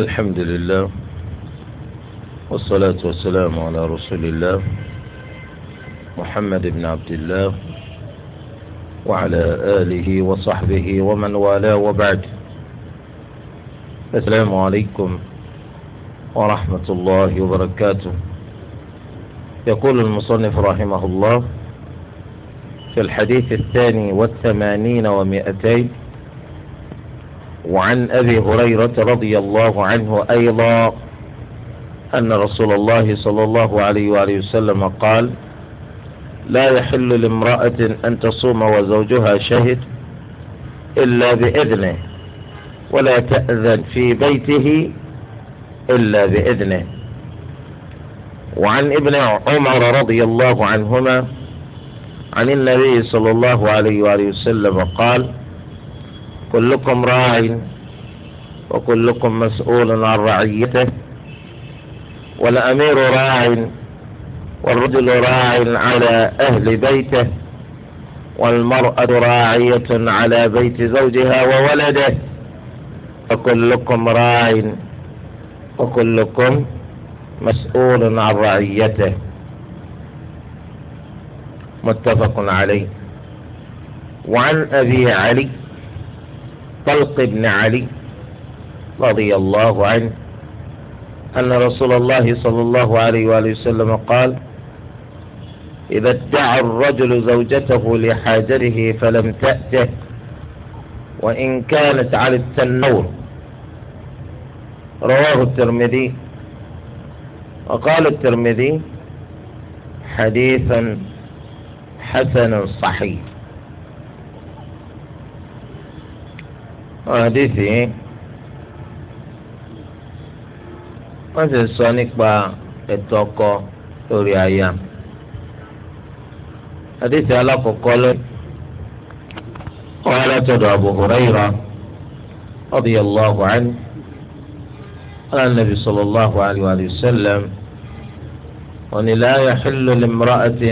الحمد لله والصلاة والسلام على رسول الله محمد بن عبد الله وعلى آله وصحبه ومن والاه وبعد السلام عليكم ورحمة الله وبركاته يقول المصنف رحمه الله في الحديث الثاني والثمانين ومئتين وعن أبي هريرة رضي الله عنه أيضا أن رسول الله صلى الله عليه وآله وسلم قال لا يحل لامرأة أن تصوم وزوجها شهد إلا بإذنه ولا تأذن في بيته إلا بإذنه وعن ابن عمر رضي الله عنهما عن النبي صلى الله عليه وآله وسلم قال كلكم راع وكلكم مسؤول عن رعيته والأمير راع والرجل راع على أهل بيته والمرأة راعية على بيت زوجها وولده فكلكم راع وكلكم مسؤول عن رعيته متفق عليه وعن أبي علي طلق بن علي رضي الله عنه أن رسول الله صلى الله عليه وآله وسلم قال إذا ادعى الرجل زوجته لحاجره فلم تأته وإن كانت على التنور رواه الترمذي وقال الترمذي حديثا حسنا صحيح ọ̀rọ̀ àdìsí wọ́n sì sọ nípa ẹ̀tọ́ ọkọ lórí aya àdìsí alákọ̀ọ́kọ́ lórí وعلى تدعو أبو هريرة رضي الله عنه قال النبي صلى الله عليه وآله وسلم وأن لا يحل لامرأة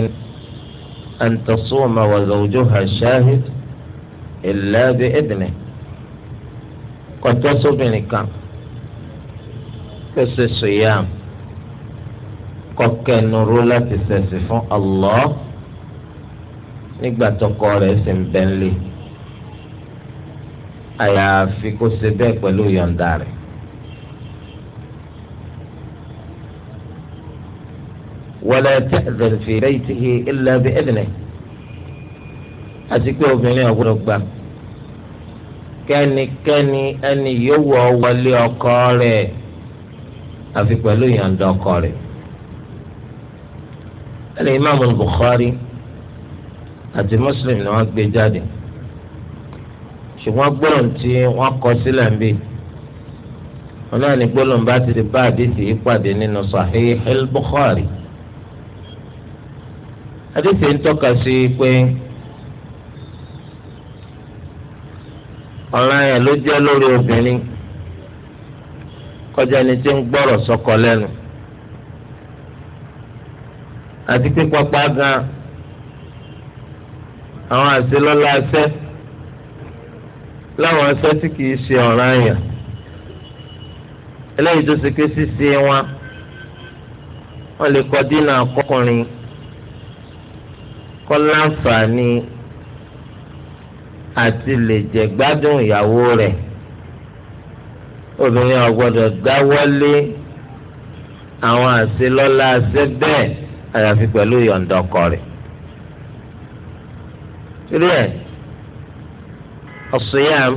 أن تصوم وزوجها شاهد إلا بإذنه kọtọ sóbìnrin kan pèsè sòyàm kọkẹnuró láti sẹsì fún Allah nígbà tọkọ rẹ̀ sì ń bẹ́ńlẹ̀ àyàfi kó ṣe bẹ́ẹ̀ pẹ̀lú yọ̀ǹda rẹ̀. wala ta'zan fi baytihi illa bi idhnihi àti pé obìnrin ọ̀gbọ́dọ̀ gbà kẹ́nikẹ́ni ẹni yóò wọ wọlé ọkọ rẹ̀ àfi pẹ̀lú ìyànda ọkọ rẹ̀. ẹnì imáàmù Bukhari àti Muslim ni wọ́n gbé jáde ṣùgbọ́n gbólóhùn tí wọ́n kọ sílẹ̀ ń bì wọn náà ní gbólóhùn bá ti di bá àdìsí yìí nínú Sahih al-Bukhari àdìsí ń tọ́ka sí pé. ọ̀ràn yẹn ló jẹ́ lórí obìnrin kọjá ni tí ń gbọ́rọ̀ sọ́kọ lẹ́nu àti pípapá gan àwọn àṣelọ́lá ẹsẹ́ láwọn ẹsẹ́ tí kìí ṣe ọ̀ràn yẹn eléyìí tó ṣe ké ṣíṣe wọn lè kọ́ dínà akọkùnrin kọ́ láǹfààní àti lè jẹ gbádùn ìyàwó rẹ̀ obìnrin ọ̀gbọ́dọ̀ dáwọ́lé àwọn àṣelọ́lá àṣẹ bẹ́ẹ̀ àyàfi pẹ̀lú ìyọ̀ǹda ọkọ rẹ̀ torí ẹ̀ ọ̀sùnyàm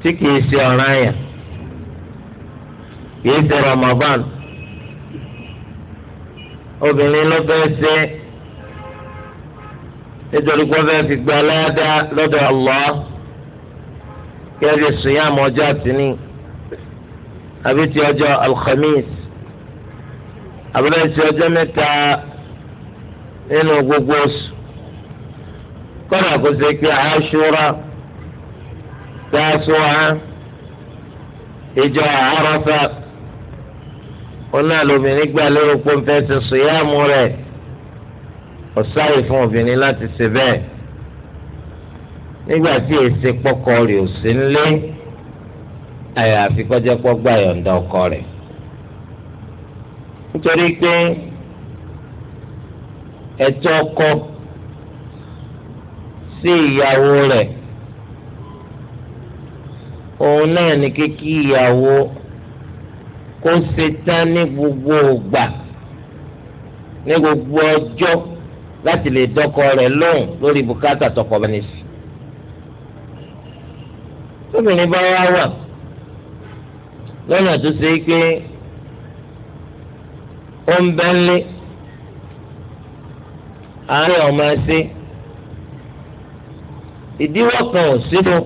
tí kìí ṣe ọ̀ràn yẹn kìí ṣe Ramadan obìnrin ló fẹ́ ṣe nítorí pé wọ́n fẹ́ẹ́ fi gba aláàdá lọ́dọ̀ Allah kẹbi siyam ọjọ́ àtìní àbí ti ọjọ́ alhamis àbúrò ti ọjọ́ mẹ́ta nínú gbogbo oṣù kọ́nà kó ṣe pé aṣúra dáṣúra ìjọ àárọ̀fà ọ̀nà lómìnir gbà lérò pé ń fẹ́ ṣe siyam rẹ̀ ọ̀sáyè fún obìnrin láti ṣe bẹ́ẹ̀ nígbà tí èsì pọ́kọ rẹ̀ ò sí nílé àyàfi kọjá pọ́ gbà yọ̀ǹda ọkọ rẹ̀ nítorí pé ẹ̀tọ́ ọkọ sí ìyàwó rẹ̀ òun náà ní kíkí ìyàwó kó ṣe tán ní gbogbo ògbà ní gbogbo ọjọ́ láti lè dọ́kọ rẹ̀ lóhùn lórí bùkátà tọkọ bá ní sí. tóbìnrin bá wá wà lọ́nà tó ṣe é pé ó ń bẹ́ ńlé àárẹ̀ ọmọ ẹsẹ̀ ìdíwọ́ kan ò sínú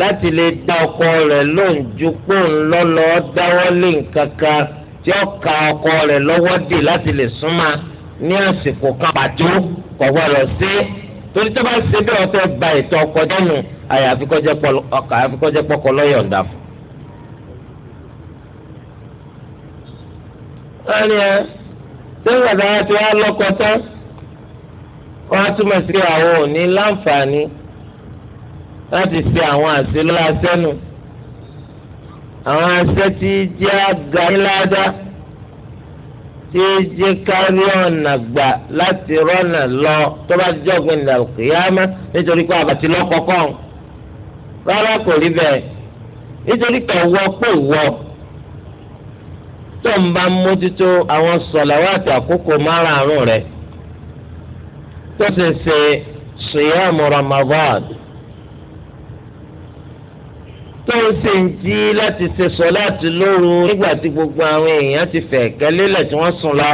láti lè dá ọkọ rẹ̀ lóhùn ju pé òun lọ́lọ́ dáwọ́ lé nǹkan kan tí ó ka ọkọ rẹ̀ lọ́wọ́ dè láti lè súnmọ́ ní àsìkò kan pàtó kò gbọ́dọ̀ sí torí tó bá ṣe bí wọ́n fẹ́ gba ètò ọkọ dánù àyàfi kọjá pọkọ lọ́yọ̀ǹda fún. wọ́n ní ẹ sẹ́yìn àdáyà tí wọ́n lọ́kọ tán wọ́n á túmọ̀ sí àwọn òní láǹfààní láti fi àwọn àṣẹ sẹ́nu. àwọn ẹsẹ̀ tí jẹ́ àgànládá tí jẹ́ kárí ọ̀nà gbà láti rọ́nà lọ tó bá jọ́gbìn ìdàlùkìyàmá nítorí pé àbàtì lọ́kọ̀ọ̀kan rárá kò rí bẹ́ẹ̀ nítorí pé ìwọ pé ìwọ tó ń bá mójútó àwọn sọ̀làwátì àkókò márààrún rẹ̀ tó sì ń ṣe ṣìyàmù Ramadan. tó ń ṣe ń jí láti ṣe sọ̀láàtì lóru nígbà tí gbogbo àwọn èèyàn ti fẹ̀ kẹ́lélẹ̀ tí wọ́n sùn lọ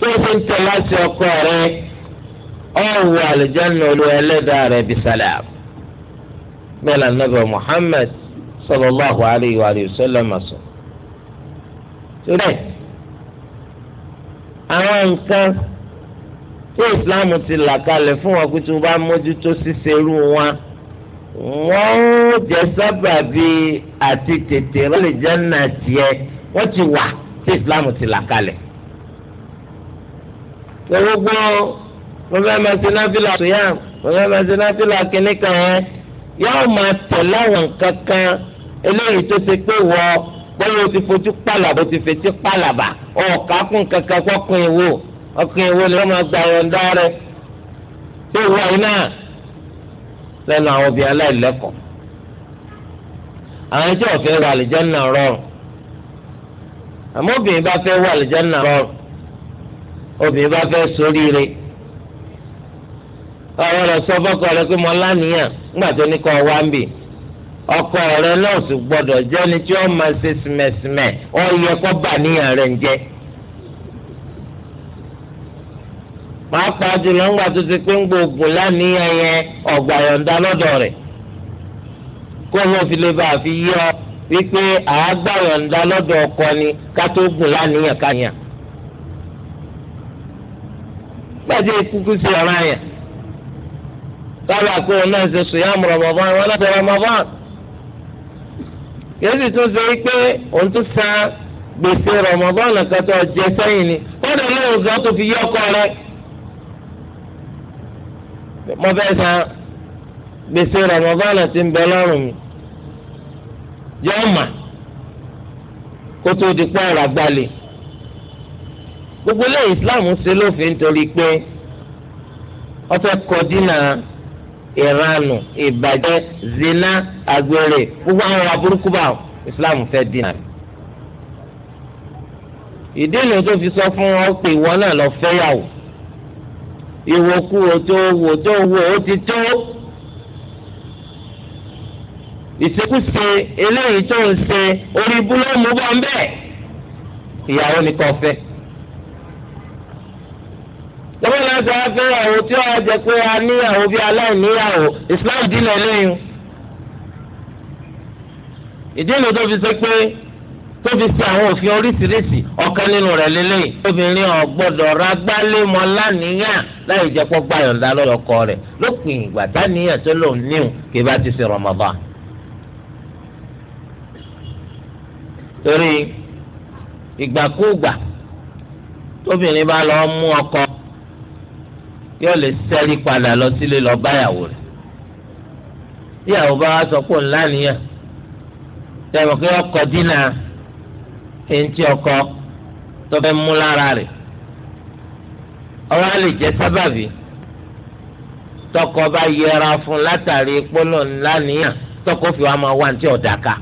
tó ń ṣe ń tẹ̀ láti ọkọ rẹ ọ̀wọ̀ àlùjáná olú ẹlẹ́dàá rẹ bisalà bẹ́ẹ̀ lànà bẹ́ẹ̀ Muhammad sallallahu alayhi wa sallam sọ. torí àwọn nǹkan tí Islam ti là kalẹ̀ fún wọn pé tí wọ́n bá mójútó ṣíṣe irú wọn wọ́n jẹ́ sábàbí àti tètè rálẹ̀ jẹ́nà tiẹ̀ wọ́n ti wà tí islam ti là kalẹ̀. gbogbo wọn fẹ́ máa ṣe náfìlà tóyà wọn fẹ́ máa ṣe náfìlà kínní kan yẹn yóò máa tẹ̀lé àwọn nǹkan kan eléyìí tó ṣe pé wọ bóyá o ti fojú pàlàbà o ti fetí pàlàbà ọ̀ọ́ká kún kankan kọ́kùn ìwò ọkùn ìwò ni wọ́n máa gbà yọ̀ǹda rẹ̀ tó wọ̀ yìí náà. lẹ́nu àwọn obìnrin aláìlẹ́kọ̀ọ́ àwọn ẹjọ́ ọ̀fẹ́ wà àlìjánà rọrùn àmọ́ obìnrin bá fẹ́ wà àlìjánà rọrùn obìnrin bá fẹ́ ṣoríire ọ̀rọ̀ rẹ̀ sọ fọ́kọ rẹ̀ pé mo lánìyàn tó ní wá ń bì ọkọ rẹ̀ náà sì gbọ́dọ̀ tí ó máa ṣe yẹ kó pàápàá jùlọ ńgbà tó ti pé ń gbòògùn lánìyàn yẹn ọ̀gbà yọ̀ǹda lọ́dọ̀ rẹ̀ kó fi lè bá a fi yọ wípé àágbà yọ̀ǹda lọ́dọ̀ ọkọ ni ká tó gùn lánìyàn káyàn. gbàdé kúkú sí ọ̀rọ̀ àyàn kábà pé òun náà ṣe sùn wọn láti yóò sì tún ṣe wípé òun tún san gbèsè tó jẹ sẹ́yìn ni fi yọ ọkọ rẹ̀. mo fẹ́ san gbèsè rọmọbánà ti ń bẹ lọ́rùn mi yóò mà kó tó di pé ọ̀rọ̀ àgbàlẹ̀ gbogbo ilé Islam ṣe lófin torí pé wọ́n fẹ́ kọ dínà ìranù ìbàjẹ́ zina àgbèrè gbogbo àwọn aburúkú bá Islam fẹ́ dínà ìdí ni tó fi sọ fún ọ pé ìwọ náà lọ fẹ́yàwó ìwòkuwò tó wò tó wò ó ti tó ìṣekúṣe eléyìí tó ń ṣe orí búlọ́ọ̀mù bá ń bẹ̀ ìyàwó ni kò fẹ́. tọ́wọ́ náà sọ wá pé ìyàwó tí wọ́n jẹ pé a níyàwó bí aláìníyàwó Islam dínà lẹ́yìn. ìdí ìlú tó fi ṣe pé tó fi ṣe àwọn òfin oríṣiríṣi ọ̀kan nínú rẹ̀ lélẹ́yìn obìnrin ò gbọ́dọ̀ ragbálémọ lánìyàn láì jẹ́ pọ́ gbà yọ̀ǹda lọ́dọ̀ ọkọ rẹ̀ lópin ìgbà táníyàn tó lòun níhùn kì bá ti ṣe Ramadan. torí ìgbàkúùgbà tóbìnrin bá lọ mú ọkọ yóò lè ṣẹ́rí padà lọ sílé lọ báyàwó rẹ̀ ìyàwó bá wá sọ pé ńlá nìyẹn tẹ̀wọ̀n kí ọkọ̀ dínà eŋti ọkọ tó fẹ́ mú lára rẹ̀ ọwọ́ á lè jẹ́ sábàbí tọkọ bá yẹra fún látàrí pọ́lọ̀ ńlá níyà tọkọ fi wá máa wá ntí ọ̀dà ká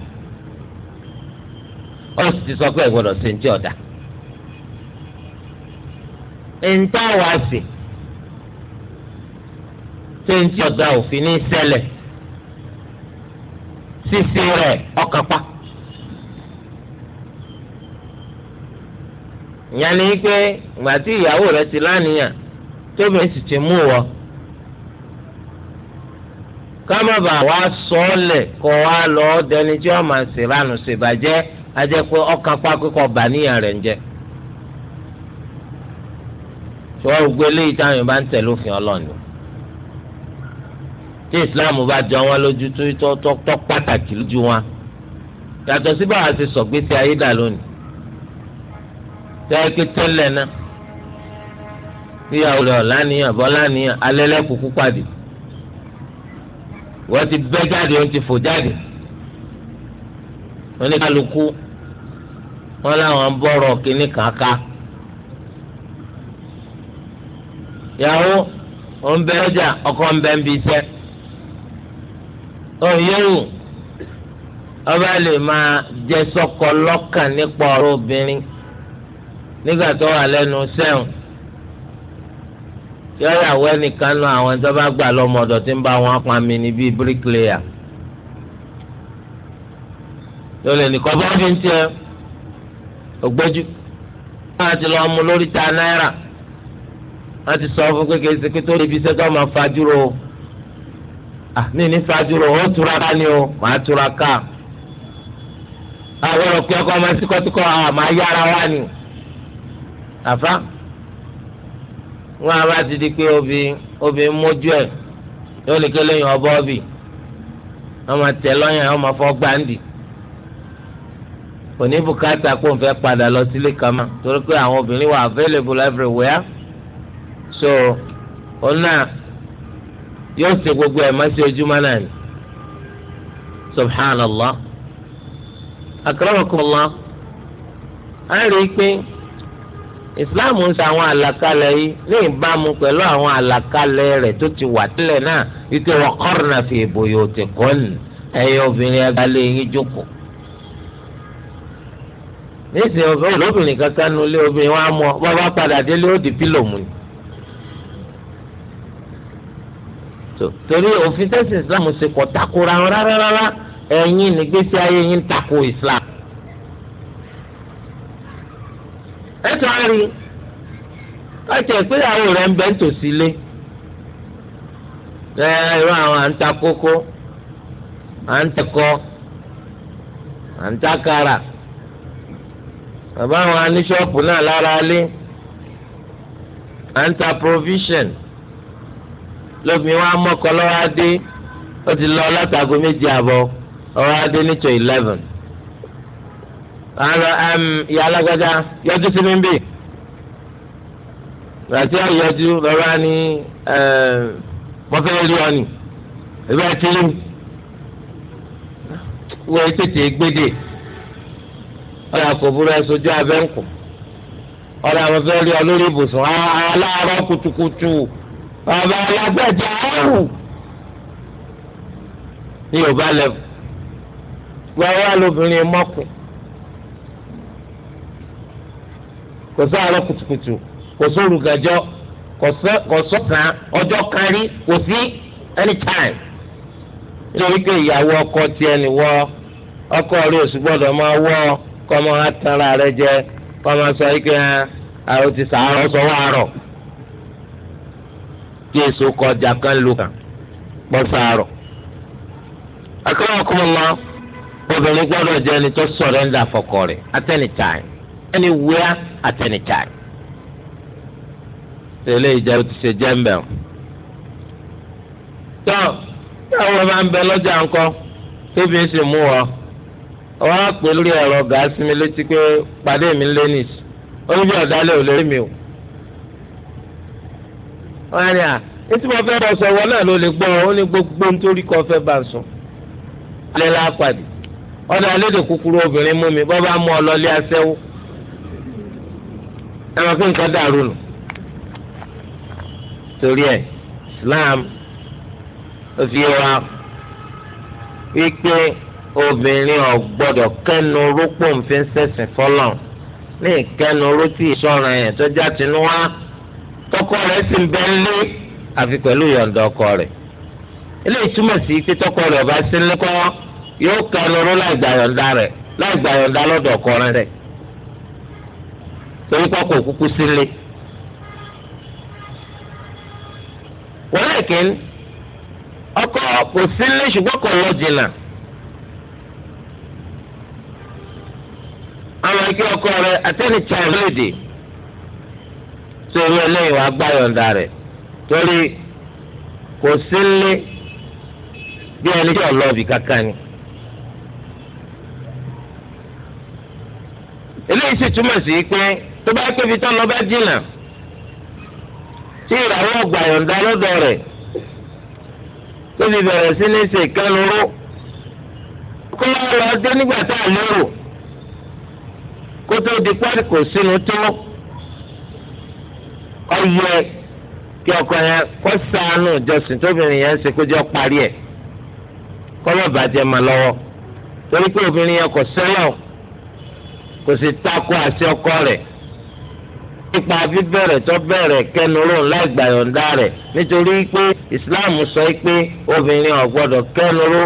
ti sọ pé gbọdọ sí ntí ọ̀dà ntí àwọn àsè tó ntí ọ̀dà òfin ní ṣẹlẹ̀ ṣíṣe ọkapa. ìyẹn ni pé iyawo tí ìyàwó rẹ ti lánìyàn tóbìnrin sì ti mú wọ kámẹ́bà wa sọ ọ́ wa lọ dẹni tí se máa ń ṣèlànà rẹ̀ ń jẹ́ tí wọ́n gbé léyìí bá ń òfin tí bá jọ wọn lójú tó pàtàkì lójú wọn tẹ́ẹ̀kì tẹ́lẹ̀ náà níyàwó rẹ̀ ọ̀lànìyàn bọ́lànìyàn alẹ́lẹ́ kúkú pàdé wọ́n ti bẹ́ jáde wọ́n ti fò jáde wọ́n ní kálukú wọ́n láwọn ń kínní kàkà yàwó òun bẹ ọjà ọkọ ń ń bí òun yẹ́wò ọba lè máa sọ́kọ lọ́kàn nípa ọ̀rọ̀ obìnrin. nígbà tó wà lẹ́nu sẹ́wọ̀n tí ọ̀yàwó ẹnìkan náà àwọn tó bá gbà lọ́mọdọ̀ tí ń bá wọn pa mi ní bíi bíríkìlẹ́yà lọ́lẹ̀ nìkan bá fi ń ti lọ́ọ́ mú lórí ta náírà wọ́n ti sọ fún kékeré sí pé tó rí ibi iṣẹ́ tó máa fajúro ní ní ó ká ni o màá tura ká àwọn òkè ọkọ wa ni. àfa wọn abá ti di pé obì obì mójú ẹ yóò ní kéle yàn ọbọ ọbì wọn máa tẹ lọ́yàn wọn máa fọ́ gbáǹdì n fẹ́ padà lọ sílé kama torí pé àwọn obìnrin wà available everywhere so ọ̀nà yóò ṣe gbogbo ẹ̀ má ṣe ojúmọ́ náà ni subhanallah akramakumullah a rí islam ń sa àwọn àlàkalẹ̀ yìí ní ìbámu pẹ̀lú àwọn àlàkalẹ̀ rẹ̀ tó ti wà tẹ́lẹ̀ náà wípé wọ́n kọ́rọ̀nà fi buyutikunna ẹ̀yin obìnrin ẹgbàlẹ̀ yín jókòó. nísìnyí obìnrin lóbìnrin kankan nu ilé obìnrin wa mọ bàbá padà délé ó di pílòmù ni. torí òfin tẹ́sí islam ṣe kọ́ takora rárá rárá ẹ̀yin nígbésí ayé yín tako islam. ẹ̀tọ́ ari láti ẹ̀pẹ́yàwó rẹ̀ ń bẹ́ ńtòsí lé ẹ irú àwọn àǹtà kókó àǹtà bàbá àwọn aníṣọ́ọ̀pù náà lára lé àǹtà provision lóbìnrin wa mọ́kọ́ lọ́wọ́ adé ó ti lọ látàgọ́ méjì àbọ̀ àlọ ìyá alágbájá yọjú sí mi gbàtí àyọjú lọ́wọ́ ni rí ọ ni ìbá ti rí tètè gbédè ọ̀rọ̀ àkọ́bùrú ẹ̀ sojú abẹ́ǹkù ọ̀rọ̀ àwọn fẹ́ rí ọ lórí ibùsùn aláàárọ̀ kùtùkùtù bàbá alágbájá áwù ní yorùbá lẹ́wọ̀ kò sọ àárọ̀ kùtùkùtù kò sọ olùgàjọ kò sọ kan ọjọ́ kan kò sí anytime nítorí pé ìyàwó ọkọ tiẹ̀ ni wọ ọkọ rẹ̀ oṣù gbọ́dọ̀ máa wọ́ jẹ sọ yìí àrò ah, ti sàárọ̀ sọ kí èso kan ló kàn pọ̀ sàárọ̀ akọ́nà ọkọ̀ mọ́ obìnrin gbọ́dọ̀ jẹ́ ẹni tó fọkọ rẹ̀ at anywhere at any time. tẹ̀lé ìjà ti ṣe jẹ́ńbẹ̀ o. tó táwọn bá ń bẹ lọ́jà ńkọ́ tóbi ń sì mú ọ wọ́n á pè lórí ẹ̀rọ gàásì mi létí pé pàdé mi lé nìs oníbi ọ̀dálẹ̀ ò lè rí mi o. wọ́n á ní à etí mo fẹ́ bọ̀ sọ wọn náà ló lè gbọ́ ọ ó ní gbogbo nítorí kọ́ fẹ́ bá ń sọ. alẹ́ la pàdé ọ̀dọ̀ alẹ́ dè kúkúrú obìnrin mú mi bọ́ bá mú ọ lọ lé aṣẹ́wó ẹ máa fi nǹkan dàrú nù torí ẹ Islam ó fi wá wípé obìnrin ò gbọ́dọ̀ kẹ́nu rúpò nfin sẹsìn fọlọ ní ìkẹ́nu rútì ìṣọra yẹn tó já tinú wá tọkọ rẹ̀ sì ń bẹ lé àfi pẹ̀lú yọ̀ǹda ọkọ rẹ̀ eléyìí túmọ̀ sí pé tọkọ rẹ̀ ọba sí ńlẹ́kọ́ yóò kẹ́nu rú láì gbà yọ̀ǹda rẹ̀ láì gbà yọ̀ǹda lọ́dọ̀ ọkọ rẹ̀ rẹ̀ torí kọ́ kò kúkú sílé. wọ́n lẹ́kẹ̀ ń ọkọ kò sílé ṣùgbọ́n kò lọ jìnnà. àwọn ike ọkọ rẹ àtẹnìtì ọ̀rẹ́dẹ̀ torí ẹlẹ́yìn wàá gbáyọ̀ǹda rẹ̀ torí kò sílé bí ẹni tí ọlọ́ọ̀bì kankan ni. eléyìí sì túmọ̀ sí pé tó bá pé ibi tán lọ bá jìnnà tí ìràwọ̀ ọgbà yọ̀ǹda lọ́dọ̀ rẹ̀ tó fi bẹ̀rẹ̀ sí ní ṣe ìkànnìró kó wá lọ dé nígbà tá a lérò kó tó di pé kò sínú tó ọyẹ kí ọkọ yẹn kó sànù ìjọsìn tóbìnrin yẹn ṣe kó jẹ́ parí ẹ̀ kó lọ́ọ́ bàjẹ́ mọ́ lọ́wọ́ torí pé obìnrin yẹn kò sẹ́yọ̀ kò sì takò àṣẹ ọkọ rẹ̀ nípa bíbẹ̀rẹ̀ tó bẹ̀rẹ̀ kẹnu lóhùn láì gbà yọ̀ǹda rẹ̀ nítorí pé ìsìláàmù sọ pé obìnrin ò gbọ́dọ̀ kẹnu ló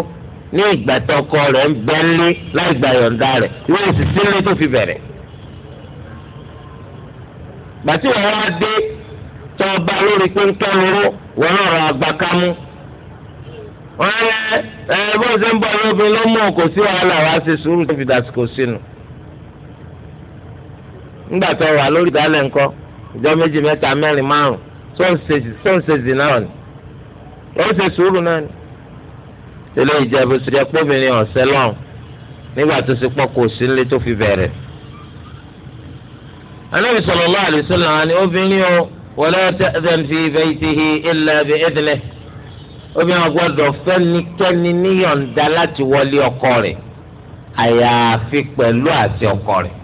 ní ìgbà tó ọkọ rẹ̀ ń bẹ́ńlé láì gbà yọ̀ǹda rẹ̀ ìwé ìsísílẹ̀ tó fi bẹ̀rẹ̀. bàtí wọn wá dé tó ọba lórí pé ń kẹnu ló wọn náà rà àgbà wọn yẹ ẹ bó ṣe ń bọ lóbin ló mú òkò sí wàhálà wá ṣe sùúrù tó fi dàsìkò sínú ńgbà tó wà lórí ìdálẹ̀ ńkọ́ ìjọ méjì mẹ́ta mẹ́rin márùn tó ń ṣèṣì náà ni ó ṣe sùúrù náà ni. ilé ìjẹ́bù sọ̀rọ̀ pọ́bìnrin ọ̀sẹ̀ lọ́hùn nígbà tó ṣe pọ̀ kò sí nílé tó fi bẹ̀rẹ̀. anábì sallallahu alaihi wasallam ni obìnrin o wala ta'dhan fi baytihi illa bi idnihi obìnrin ọgbọ́dọ̀ fẹ́nikẹ́ni níyọ̀ǹda láti wọlé ọkọ rẹ̀ àyàfi pẹ̀lú àti ọkọ rẹ̀.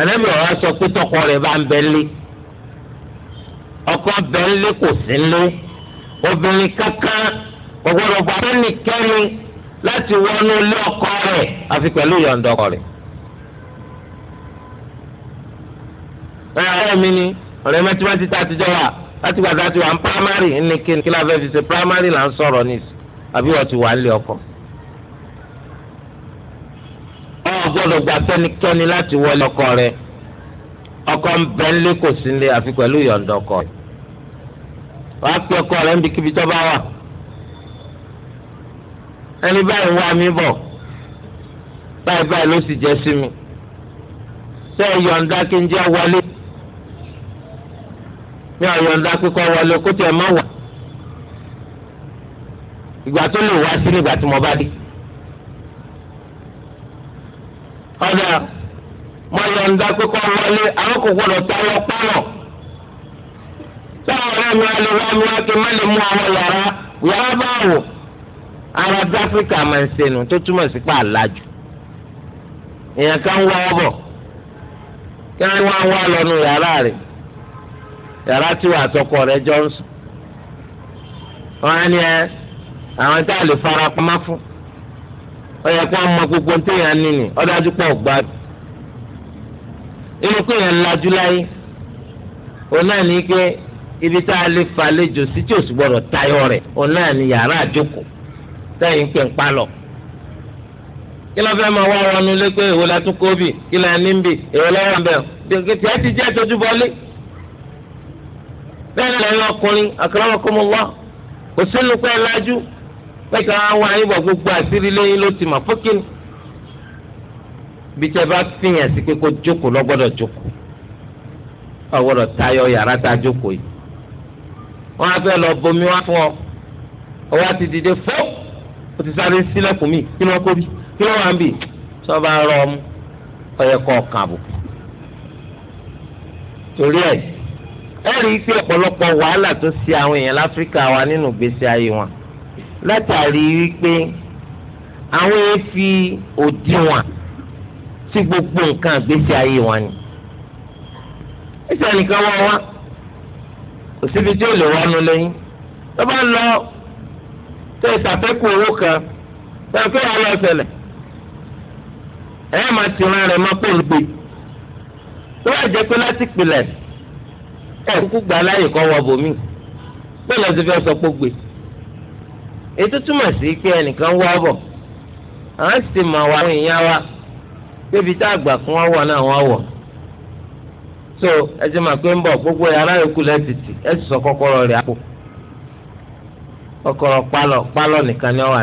ànábì ọ̀rọ̀ sọ pé tọkọ rẹ̀ bá ń bẹ lé ọkọ bẹ ń lé kò sí lé obìnrin kankan ọgbọ́dọ̀ bá ẹnikẹ́ni láti wọnú ilé ọkọ rẹ àfi pẹ̀lú yọ̀ǹda ọkọ rẹ ọ̀rẹ́ mi ni ọ̀rẹ́ mẹ́tímẹ́tí tá a ti jọ wà láti gbàdá ti wà ní primary ní kí ni kí la fẹ́ fi ṣe primary là ń sọ̀rọ̀ ní àbí wọ́n ti wà ọkọ. ọ gbọ́dọ̀ gba tẹnikẹ́ni láti wọlé ọkọ rẹ ọkọ ń bẹ ńlé kò sí ńlé àfi pẹ̀lú ìyọ̀ǹda ọkọ rẹ wàá pe ọkọ rẹ níbi kíbi tó bá wà ẹni báyìí wá mi bọ̀ báyìí báyìí ló sì jẹ́ sí mi ṣé ìyọ̀ǹda kí n jẹ́ wọlé mi ò yọ̀ǹda kíkọ́ wọlé kó tiẹ̀ má wà ìgbà tó lè wá sí ni ìgbà tí mo bá dé. Ọ mọ̀lọ́ndà kókó wọlé àwọn kò gbọdọ̀ tá lọ pọ́nọ̀ táwọn ọ̀rẹ́ mi alẹ́ wá mi wá kí má lè mú àwọn yàrá yàrá ara áfíríkà máa ń sẹnu tó túmọ̀ sí pa àlájù èèyàn kan wá ọ kí wọ́n wá wá lọ́nu yàrá yàrá tí wàá tọkọ jọ ń lè fara ọyẹ kó ọmọ gbogbo ń ya nínú ọdájú pọ̀ gbádùn inú láyé òun náà ní ike ibi tá a lè falejò sí tí òsì òun náà ní yàrá àjókòó sẹ́yìn ń ń palọ̀ kí ló fẹ́ máa wá èwo la tún kí ní èwo ẹ ti jẹ́ tójú bọ́lé bẹ́ẹ̀ ni ọkùnrin àkàrà mẹ́ta wá yín bọ̀ gbogbo àṣírí lẹ́yìn ló ti mọ̀ fókìn bí tẹ bá fìyàn sí pé kó jókòó lọ́gbọ́dọ̀ jókòó ọ̀gbọ́dọ̀ tayọ yàrá tá a jókòó yìí wọ́n á fẹ́ lọ bomi wá fún ọ ọwọ́ á ti dìde fọ́ ó ti sáré sílẹ̀kùn mi kí ló wá kó bí kí ló wá ń bì tí wọ́n bá rọ ọmú ọyẹ kọ́ ọ̀kan àbùkù torí ẹ̀ ẹ̀ rí i pé ọ̀pọ̀lọpọ̀ wàhálà tó ṣe àwọn èèyàn láfíríkà wa nínú ìgbésí ayé wọn látàrí wípé àwọn efi òdiwọ̀n sí gbogbo nǹkan àgbésí ayé wọn ni. ìṣe nìkan wọ́n wá òsibí tí ó lè wọnú lẹ́yìn tó bá lọ tó ìsàfẹ́kù owó kan tó ẹ̀kọ́ yà lọ ṣẹlẹ̀ ẹ̀ máa ti ran rẹ̀ máa pò ń gbé tó wà jẹ́ pé láti pilẹ̀ ẹ̀ kúkú gbà láyè kọ́ wọ bòmí bẹ́ẹ̀ lọ́sibí ọ̀sọ́ pò gbé. ètò túmọ̀ sí pé ẹnìkan a bọ̀ àwọn sì mọ̀ wá àwọn èèyàn wa pébi tá so ẹ ti mọ̀ pé gbogbo yàrá yòókù lẹ́tìtì ẹ sì sọ kọ́kọ́rọ́ rẹ̀ àpò kọ́kọ́rọ́ pálọ̀ pálọ̀ nìkan ni wọ́n wà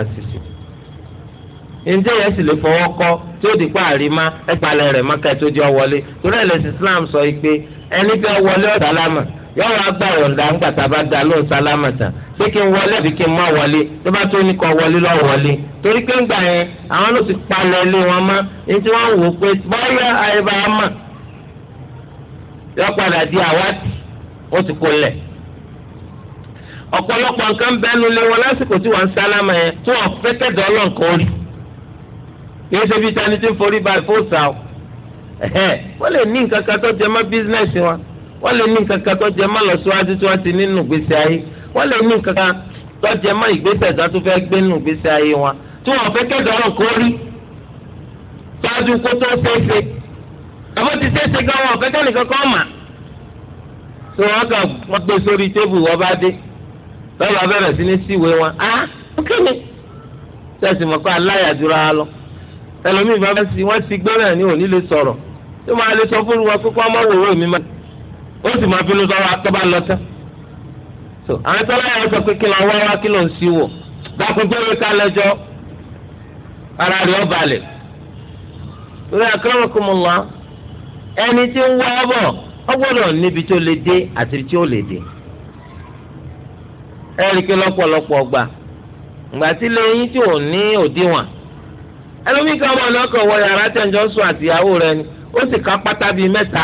india ǹjẹ́ yẹn sì lè fọwọ́ kọ́ tí ó di pa àrímá ẹ palẹ̀ rẹ̀ mọ́kà tó di torí Islam sọ pé ẹni fẹ́ wọlé ọ̀dà lámà yọ̀wọ́ ọ̀dà ńgbàtà bá pé kí n wọlé àbí kí n má wọlé tó bá tó ní kọ wọlé lọ wọlé torí pé ńgbà yẹn àwọn ló ti palẹ̀ ilé wọn mọ́ ní tí wọ́n wò pé báyà àyèbá mọ̀ yọ padà di àwátì ó ti kó lẹ̀ ọ̀pọ̀lọpọ̀ nǹkan bẹ́nu lé wọn lásìkò tí wọ́n ń sálámà yẹn tí wọ́n fẹ́ kẹ́dọ̀ ọlọ́nkọ́ rí kì í ṣe bí tani tí ń forí ba ìfowósà o wọ́n lè ní nǹkan kan tó jẹ mọ́ bísínẹ́sì wọn wọ́n lè ní nǹkan kan tó jẹ mọ́ lọ́síwájú tí wọ́n ti nínú gbèsè ayé wọ́n lè ní kankan lọ́jẹ́ mọ́ ìgbésẹ̀ tó tún fẹ́ gbé nù gbésẹ̀ ayé wọn tí wọ́n fẹ́ kẹ́kọ̀ọ́ náà kó rí ṣáájú kó tó ṣeéṣe àbó ti ṣeéṣe gan wọn fẹ́ kẹ́nìkan kọ́ mà tó wọn kàn wọ́n gbé sórí tébù wọn bá dé lọ́wọ́ abẹ́rẹ́ sí ní síwèé wọn á kéde sẹ́sì mọ̀ pé aláyàdúrà lọ ẹlòmíì bá sí wọ́n ti gbé náà ní òní lè sọ̀rọ̀ tó máa lè sọ fún wọn pé kó wọn máa mi máa ó sì máa so àwọn ọzọ yẹn sọ pé kí lọ wá wá kí lọ ń sí wò dákúndé wí ká lẹjọ ara ẹni tí ń wá bọ̀ ọ gbọ́dọ̀ níbi tó lè dé àti tí ó lè dé ẹni lọ́pọ̀lọpọ̀ gbà ìgbà tí lẹ́yìn wọ yàrá tẹ̀jọ́ sùn àtìyàwó ni ó sì ká pátá bíi mẹ́ta.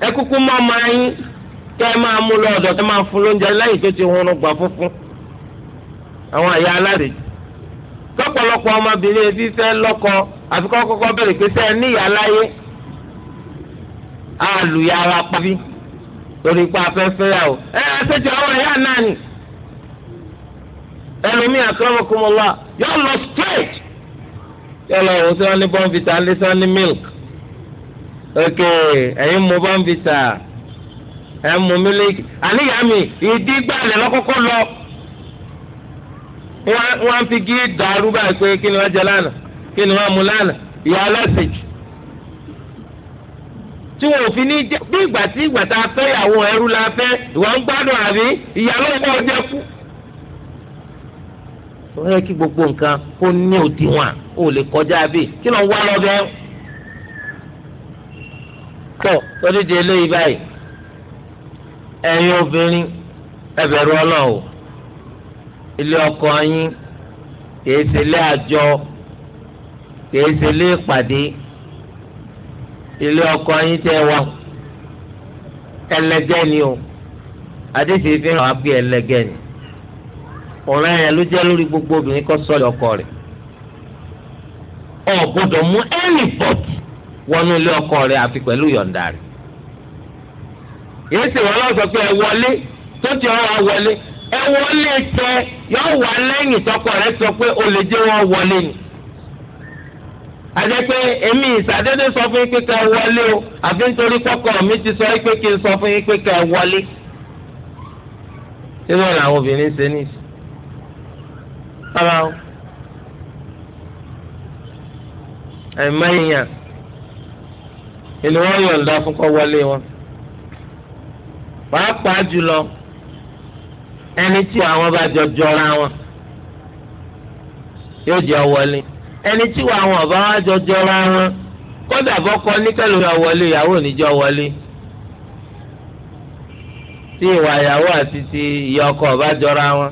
ẹ ma mọ́ ọmọ yín kẹ́ máa mú lọ ọ̀dọ̀ máa fún lóúnjẹ lẹ́yìn tó ti hun gbà àwọn àyà alárèjì ọmọbìnrin etí fẹ́ lọ́kọ àfi kọ́ kọ́kọ́ bẹ̀rẹ̀ níyà láyé àlùyà ara pàbí lórí ipa afẹ́fẹ́ yà o ẹ ẹ àwọn ẹ̀yà náà ẹlòmíì yọ lọ straight yọ lọ òun sí wọn ní bọ́ǹfìtà ní ok ẹ̀yin mo bá ń bi tà ẹ̀ ń mu mílíkì àníyàn mi ìdí gbàlẹ̀ lọ́kọ́kọ́ lọ wọ́n fi gí dàrú báyìí pé kí ni wọ́n jẹ lánàá kí ni wọ́n mu lánàá ìyá ọlọ́sẹ̀jì tí wọn ò fi ní jẹ bí ìgbà tí ìgbà tá a fẹ́ ìyàwó ẹrú la fẹ́ ìwà ń gbádùn àbí ìyá ọlọ́pàá ọjọ́ kú ó yẹ kí gbogbo nǹkan kó ní òdiwọ̀n ó lè kọjá bí kí ló ń wá lọ́bẹ̀ tó odidi eléyìí báyìí ẹ̀yin obìnrin ẹ bẹ̀rù Ọlọ́run o ilé ọkọ yín kìí ṣe ilé àjọ kìí ṣe ilé ìpàdé ilé ọkọ yín tẹ́ wá ẹlẹgẹ́ ni o adéṣe fi hàn ápè ẹlẹgẹ́ ni ọ̀ràn yẹn ló jẹ́ lórí gbogbo obìnrin kó sọ̀rọ̀ ọkọ rẹ̀ ọ̀ gbọ́dọ̀ mú ẹnì bọ̀tì wọnú ilé ọkọ rẹ àfi pẹ̀lú yọ̀ǹda rẹ̀ yéésì wọn lọ sọ pé ẹ wọlé tó ti ọ̀rọ̀ wọlé ẹ wọlé tẹ yọ wà lẹ́yìn tọkọ rẹ sọ pé o lè jẹ́ wọn wọlé ni àjẹ́ pé èmi ìsàdédé sọ fún yín pé ká wọlé o àfi nítorí kọ́kọ́ mi ti sọ pé kí n sọ fún yín pé ká wọlé ṣé wọn làwọn obìnrin ṣe ní ìsìn rárá o ẹ̀mẹ́yìn yàn èlò wọn yọ̀ǹda fún kọ́ wọlé wọn. pàápàá jùlọ ẹni tí àwọn bá jọ jọra wọn yóò jẹ́ wọlé ẹni tí àwọn ọba wa jọ jọra wọn kódà bọ́kọ níkẹ́lò yọ wọlé ìyàwó níjọ wọlé tí ìwà ìyàwó àti ti ìyá ọkọ ọba jọra wọn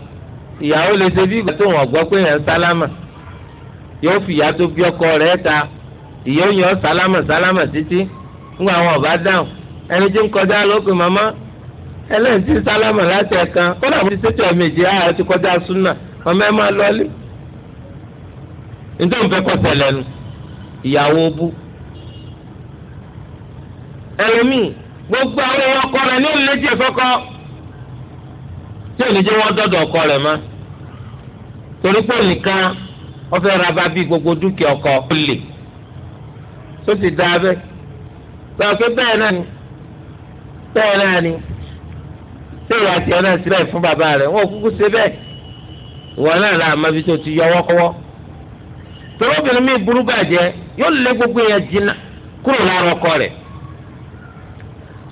ìyàwó lè ṣe bí ìgbà tó wọn gbọ́ pé yẹn ń sálámà yóò fìyà tó bí ọkọ rẹ̀ ta ìyá òyìn sálámà sálámà títí ńgbà àwọn ọba dáhùn ẹni tí ń kọjá lópin màmá ẹlẹ́yìn tí ń sálámà láti ẹ̀kan ó dàbí ti sẹ́tọ̀ ẹ̀mejì ààrẹ ti kọjá súnà ọmọ ẹ máa lọlé nítorí òun fẹ́ kọ́ sẹlẹ̀ nu ìyàwó bú ẹlòmíì gbogbo àwọn èèyàn ọkọ rẹ̀ ní ìlẹ́jì ìfọ́kọ́ tí ò ní jẹ́ wọ́n dọ́dọ̀ ọkọ rẹ̀ mọ́ torí pé nìkan ó fẹ́ ra bá bí gbogbo dúkìá ọkọ ó ó ti dá abẹ́ sọ pé bẹ́ẹ̀ náà ni bẹ́ẹ̀ náà ni sẹ́yìn àti náà sílẹ̀ fún bàbá rẹ̀ wọ́n kúkú ṣe bẹ́ẹ̀ ìwọ náà là má tó ti yọwọ́ kọ́wọ́ mi burú yóò lé gbogbo yẹn jìnnà kúrò lára ọkọ rẹ̀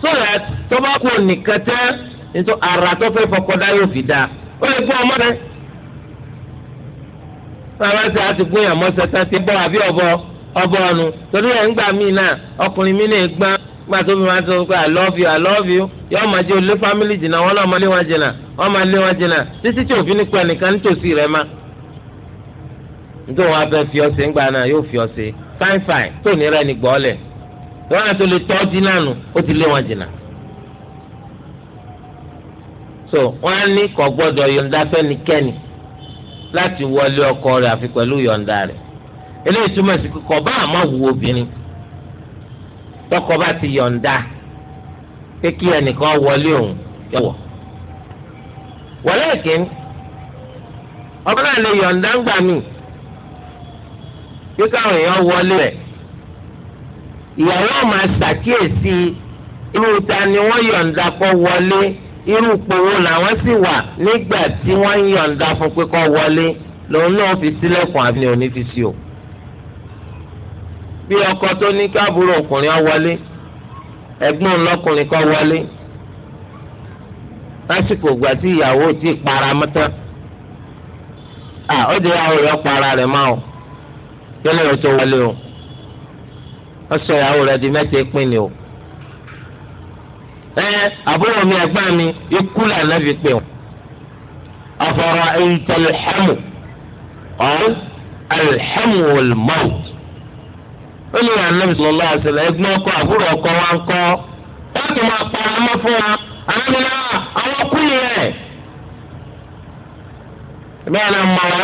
sọ̀rọ̀ tọ́ba kò nìkan nítorí ara tó fẹ́ fọkọdá yóò fi dáa ó lè gbọ́ ọmọ rẹ̀ ti àti gbóyàn mọ́ sẹ́sẹ́ ti bọ́ àbí ọgọ́rùn torí ẹ̀ ń gbà mí náà ọkùnrin mi náà gbọ́n gbà tó fi máa sọ pé i love you i love you yọọ máa jẹ́ olè family jìnnà wọn náà máa lé wọn jìnnà wọn máa lé wọn jìnnà títí tí òfin ní pẹ́ nìkan nítòsí rẹ̀ má. nítorí wọn abẹ fi ọsẹ ńgbà náà yóò fi ọsẹ fine fine tó ní rẹ ní gbọ́ọ̀lẹ̀ wọn àti so wọn á ní eléyìí túmọ̀ sí kíkọ bá àmọ́ wu obìnrin tọkọ bá ti yọ̀ǹda pé kí ẹnìkan wọlé òun yọ̀wọ̀ wọlé ẹ̀kín ọkọ náà lè yọ̀ǹda ń gbà mí kíkọ àwọn èèyàn wọlé rẹ̀ ìyàwó ọmọ àṣàkíyèsí irú ta ni wọ́n yọ̀ǹda kó wọlé irú ìpòwò làwọn sì wà nígbà tí wọ́n ń yọ̀ǹda fún pé kó wọlé lòun náà fi sílẹ̀kùn àbí òní fi sí o. bí ọkọ tó ní káàbùrò ọkùnrin wọlé ẹ̀gbọ́n lọkùnrin kọ wọlé lásìkò ìgbà tí ìyàwó ti para mọ́tọ́ à ó di ìyàwó para o yẹlẹ̀ rẹ̀ tó wọlé o ọ sọ ìyàwó rẹ̀ di mẹ́ta pín ni o ẹ àbúrò mi mi ikú lànà fi pè o ó ní ànábì sallallahu alaihi ẹgbẹ́ ọkọ àbúrò ọkọ wa ń kọ́ wọ́n ti máa pa ọmọ fún wa ah, àwọn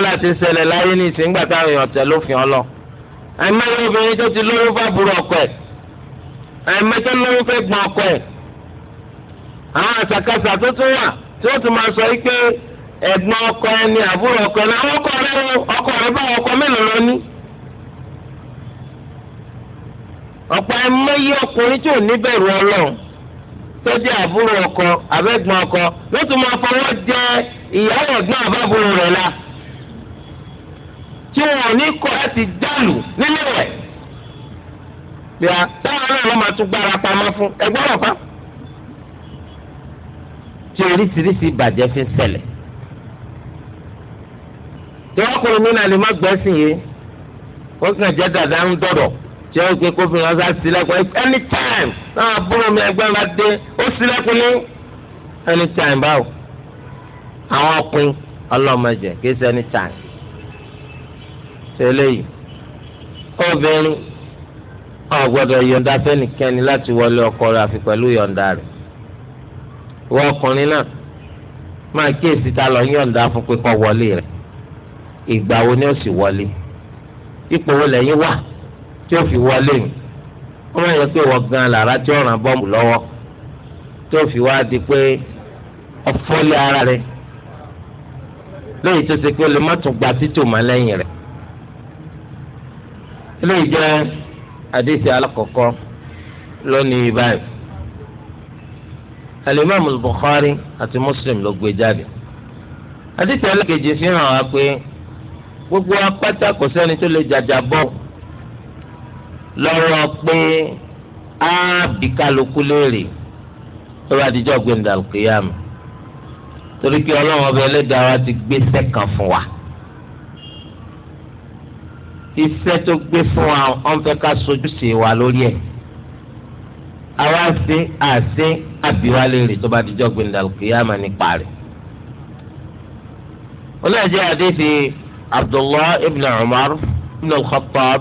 rẹ̀. ṣẹlẹ̀ láyé ní ìsìn gbàtà ọlọ. tó ti fẹ́ ọkọ ẹ̀ tó ọkọ ẹ̀. àwọn àṣàkáṣà tó tún wà tí máa sọ pé ẹ̀gbọ́n ọkọ ọkọ ọkọ ọkọ ọ̀pọ̀ ẹ̀mọ́yé ọkùnrin tí ò ní bẹ̀rù ọlọ́run tó jẹ́ àbúrò ọkọ abẹ́gbọ́n ọkọ ló tún máa fọwọ́ jẹ ìyàwó ọ̀gbọ́n àbábúrò rẹ̀ la tí wọn ò ní kọ́ láti dàlù nínú rẹ̀ bíi táwọn náà ló máa tún gbára pamọ́ fún ẹgbẹ́ ọ̀pá tí oríṣiríṣi ìbàjẹ́ fi ń ṣẹlẹ̀ tí wọ́n kọ́ lómìnira lè má gbẹ́sìn yìí wọ́n kàn jẹ́ dàda ń dọ̀dọ̀ ṣé o ṣe kó fi hàn sá sílẹ̀kùn anytime náà àbúrò mi ẹgbẹ́ bá dé ó sílẹ̀kùn ní anytime báwo àwọn ọpin ọlọ́mọdé kì í ṣe anytime ṣe eléyìí obìnrin ọ̀ gbọ́dọ̀ yọ̀ǹda fẹ́nikẹ́ni láti wọlé ọkọ rẹ̀ àfi pẹ̀lú yọ̀ǹda rẹ̀ wọ ọkùnrin náà máa kíyèsí ta lọ yọ̀ǹda fún pé wọlé rẹ̀ ìgbà wo ni ó sì wọlé ipò wo lẹ́yìn wà tí ó fi wọlé yìí ó máa yẹ pé wọ́n gan lára tí ó ràn bọ́ọ̀mù lọ́wọ́ tí ó fi wá di pé ọ̀fọ́lé ara rẹ̀ lóyìí tó ṣe pé lè má tún gba títò má lẹ́yìn rẹ̀ eléyìí jẹ́ àdéhìí alákọ̀ọ́kọ́ lónìí báyìí alimami Bukhari àti Muslim ló gbé jáde àdéhìí alákejì fi hàn wá pé gbogbo apáta kò sẹ́ni tó lè jàjà bọ́ọ̀ lọ́rọ̀ pé á bí kálukú léèrè lọ́rọ̀ àdìjọ́ gbẹ̀ndà kìyàmù torí pé ọlọ́run ọba ẹlẹ́dàá wa ti gbé sẹ́kàn fún wa iṣẹ́ tó gbé fún wa ọ̀n fẹ́ ká sojúṣe wa lórí ẹ̀ àwa ṣe àṣe àbíwá léèrè tó bá dijọ́ gbẹ̀ndà kìyàmù nípa rẹ̀ olóòjẹ́ àdéhìí Abdullah ibn Umar ibn al-Khattab.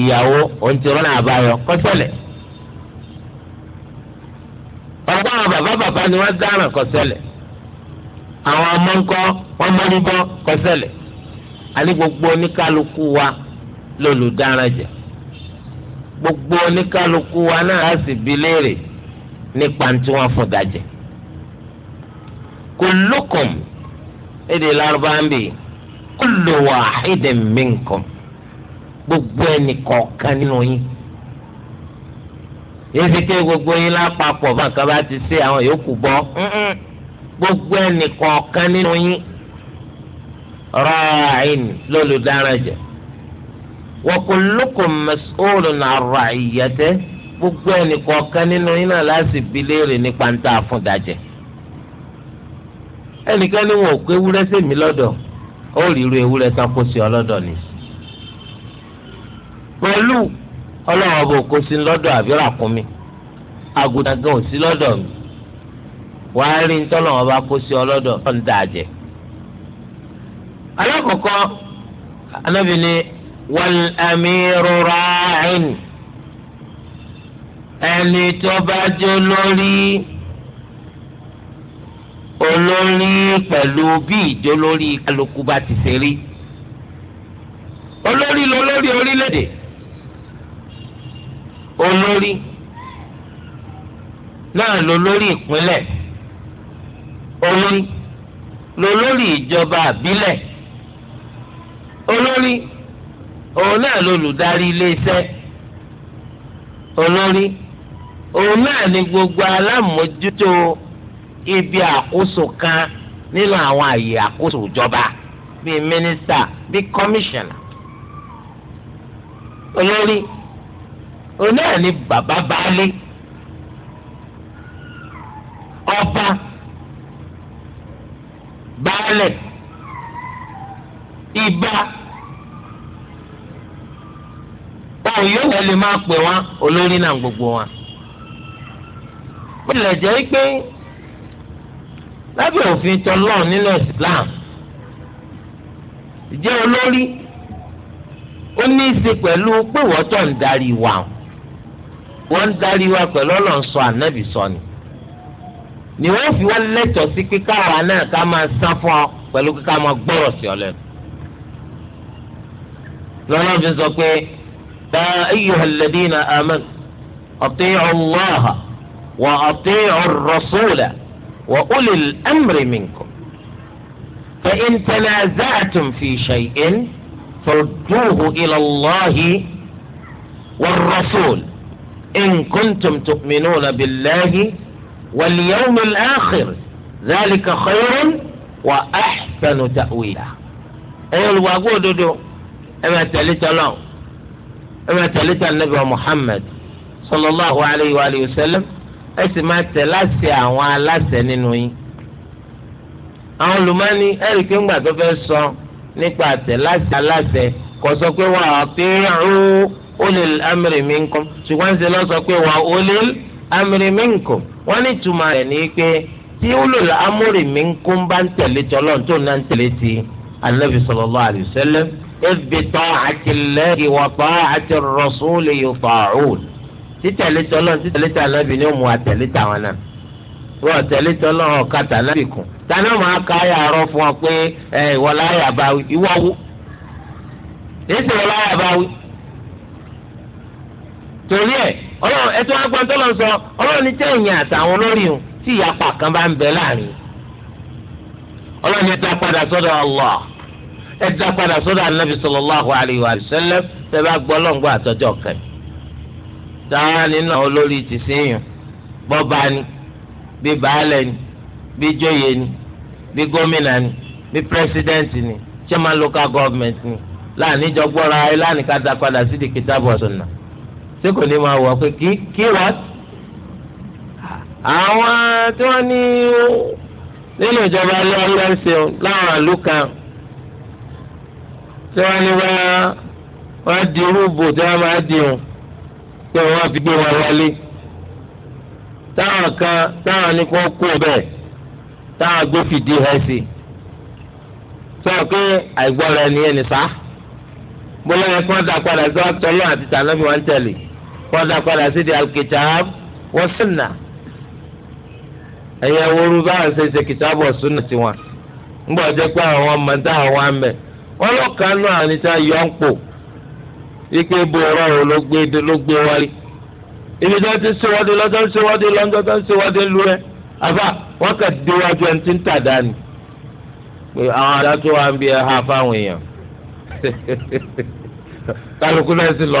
ìyàwó òun ti rọ́nà àbáyọ kọ́sẹ̀lẹ̀ ọgbà àwọn bàbá bàbá ni wọ́n dáràn kọ́sẹ̀lẹ̀ àwọn ọmọ ńkọ́ wọ́n mọ́nìbọ́ kọ́sẹ̀lẹ̀ àní gbogbo oníkálukú wa lólùdáràn jẹ gbogbo oníkálukú wa náà á sì bi léèrè nípa tí wọ́n fún dajẹ kullukum èdè lárúbáńbì kullu wahidin minkum. gbogbo ẹnì nínú yín yéésì ké gbogbo yín lápapọ̀ bá nǹkan bá ti ṣe àwọn yòókù bọ́ gbogbo ẹnì kọ̀ọ̀kan nínú yín ra'in lólùdáràjẹ wa kullukum mas'ulun 'an ra'iyyatihi gbogbo ẹnì nínú yín náà láti bi léèrè nípa ń tà fún ẹnìkan ni wọn ò pé ewúrẹ́ sèmi lọ́dọ̀ ó rí irú ewúrẹ́ tán sí ọ lọ́dọ̀ nìyí. pẹ̀lú ọlọ́run ọba òkò sí lọ́dọ̀ àbíọ́rà kún mi àgùntàn gan ò sí lọ́dọ̀ mi wàá rí ntọ́lọ́run ọba kó sí ọlọ́dọ̀ ọ̀n dàjẹ́. alákọ̀ọ́kọ́ anábì ni wal amiru ra'in ẹni tó bá jẹ́ olórí olórí pẹ̀lú bí ìjólórí kálukú bá ti ṣe rí olórí lolórí orílẹ̀-èdè. olórí náà ló lórí ìpínlẹ̀ olórí ló lórí ìjọba àbílẹ̀ olórí òun náà lolùdarí iléeṣẹ́ olórí òun náà ni gbogbo alámòjútó ibi àkóso kan nínú àwọn àyè àkóso ìjọba bíi mínísítà bíi kọmíṣánná olórí òun ni bàbá baálé ọba baálẹ̀ ìbá òun yóò wọ́n lè máa pè wọ́n olórí náà gbogbo wọn. bóyá jẹ́ pé lábẹ́ òfin tọ́lọ́ nínú Islam ìjẹ́ olórí ó ní í ṣe pẹ̀lú pé wọ́n tọ̀ ń darí wa wọ́n ń darí wa pẹ̀lú ọlọ́nsọ ànábì sọ ni ni wọ́n fi wá lẹ́tọ̀ọ́ sí pé káwa náà ká máa sán fún ọ pẹ̀lú pé ká máa gbọ́rọ̀ sí ọ lẹ́nu. lọ́nà fi sọ pé ta ayyuhal ladina amanu ati'u allaha wa ati'u ar-rasula wa ulil amri minkum fa in fi shay'in farudduhu ila allahi war إن كنتم تؤمنون بالله واليوم الآخر ذلك خير وأحسن تأويلا أي الواقود أما تلت الله أما تلت النبي محمد صلى الله عليه وآله وسلم أسمع تلاسي وعلى لاسي ننوي àwọn olùmọ́ni ẹ̀ríkì ńgbà tó fẹ́ sọ nípa àtẹ̀láṣẹ aláṣẹ kò sọ pé wà á pé rú ulil amri minkum ṣùgbọ́n ń ṣe lọ sọ pé wà ulil amri minkum wọ́n ní ìtumọ̀ rẹ̀ ní pé tí ulul amri minkum bá ń tẹ̀lé tọ́lọ́ tó náà ń tẹ̀lé ti anabi sallallahu alayhi wa sallam ebi ta'ati Allahi wa ta'ati rasuli yuta'un títẹ̀lé tọ́lọ́ títẹ̀lé tà anabi ni ó mú àtẹ̀lé tàwọn náà wọ́n tẹ̀lé tọ́lọ́ ọ̀ka tànábì kù tàná máa ka ayà fún ọ pé ìwọ láyà bá ìwọ wú èsì ìwọ láyà bá torí ẹ ọlọ́run ẹ tó wá gbọ́n tó lọ sọ ọlọ́run ní tẹ̀yìn àtàwọn olórí o tí ìyapa kan bá ń bẹ láàrin ọlọ́run ẹ padà sọ́dọ̀ Allah ẹ dá padà sọ́dọ̀ anabi sallallahu alayhi wa sallam tẹ bá gbọ́ lọ́ngbọ́ àtọ́jọ́ kan táwa nínú àwọn olórí ti sẹ́yìn bọ́ba ni bí baálẹ̀ ni bí jọyè ni bí gómìnà ni bí pírẹsidẹ́ǹtì ni chairman local government ni láàánú ìjọgbọ́ra ẹ láàánú ká padà sí di kìtàbù ọ̀sùn náà ṣé kò ní máa wọ pé kí kí wọ́n. àwọn tí wọ́n ní nínú ìjọba lọ́wọ́ ń ṣeun láwọn àlù kan tí wọ́n ní wọ́n di rúbò tí wọ́n máa di hùn pé wọ́n fi gbé wọn wọlé táwọn kan táwọn ní kó kú bẹ́ẹ̀ táwọn agbófìdí hẹ́ sí i sọ pé àìgbọ́ra ẹni ẹni sá bọ́lá yẹn kí wọ́n dá padà sí ọ̀tọ̀ lọ́wọ́ àti tànàbí wọn tẹ̀lé wọ́n padà sí di alkitab wa sunna ẹ̀yẹ wọ́rú báwọn ṣe ṣe kitab wa tiwọn ńgbọ́ jẹ́ pé àwọn ọmọ tá àwọn amẹ̀ wọ́n lọ́kàn náà níta yọ̀ ń pò wípé ibo ọ̀rọ̀ ló gbé ló gbé wárí ibi tí wọ́n ti ṣèwọ́de lọ́jọ́ ń ṣèwọ́de lọ́jọ́ tó ń ṣèwọ́de lu ẹ àbá wọ́n kà déwájú ẹni tí ń tà dání pé àwọn adájọ́ bi ha fáwọn èèyàn kálukú náà sì lọ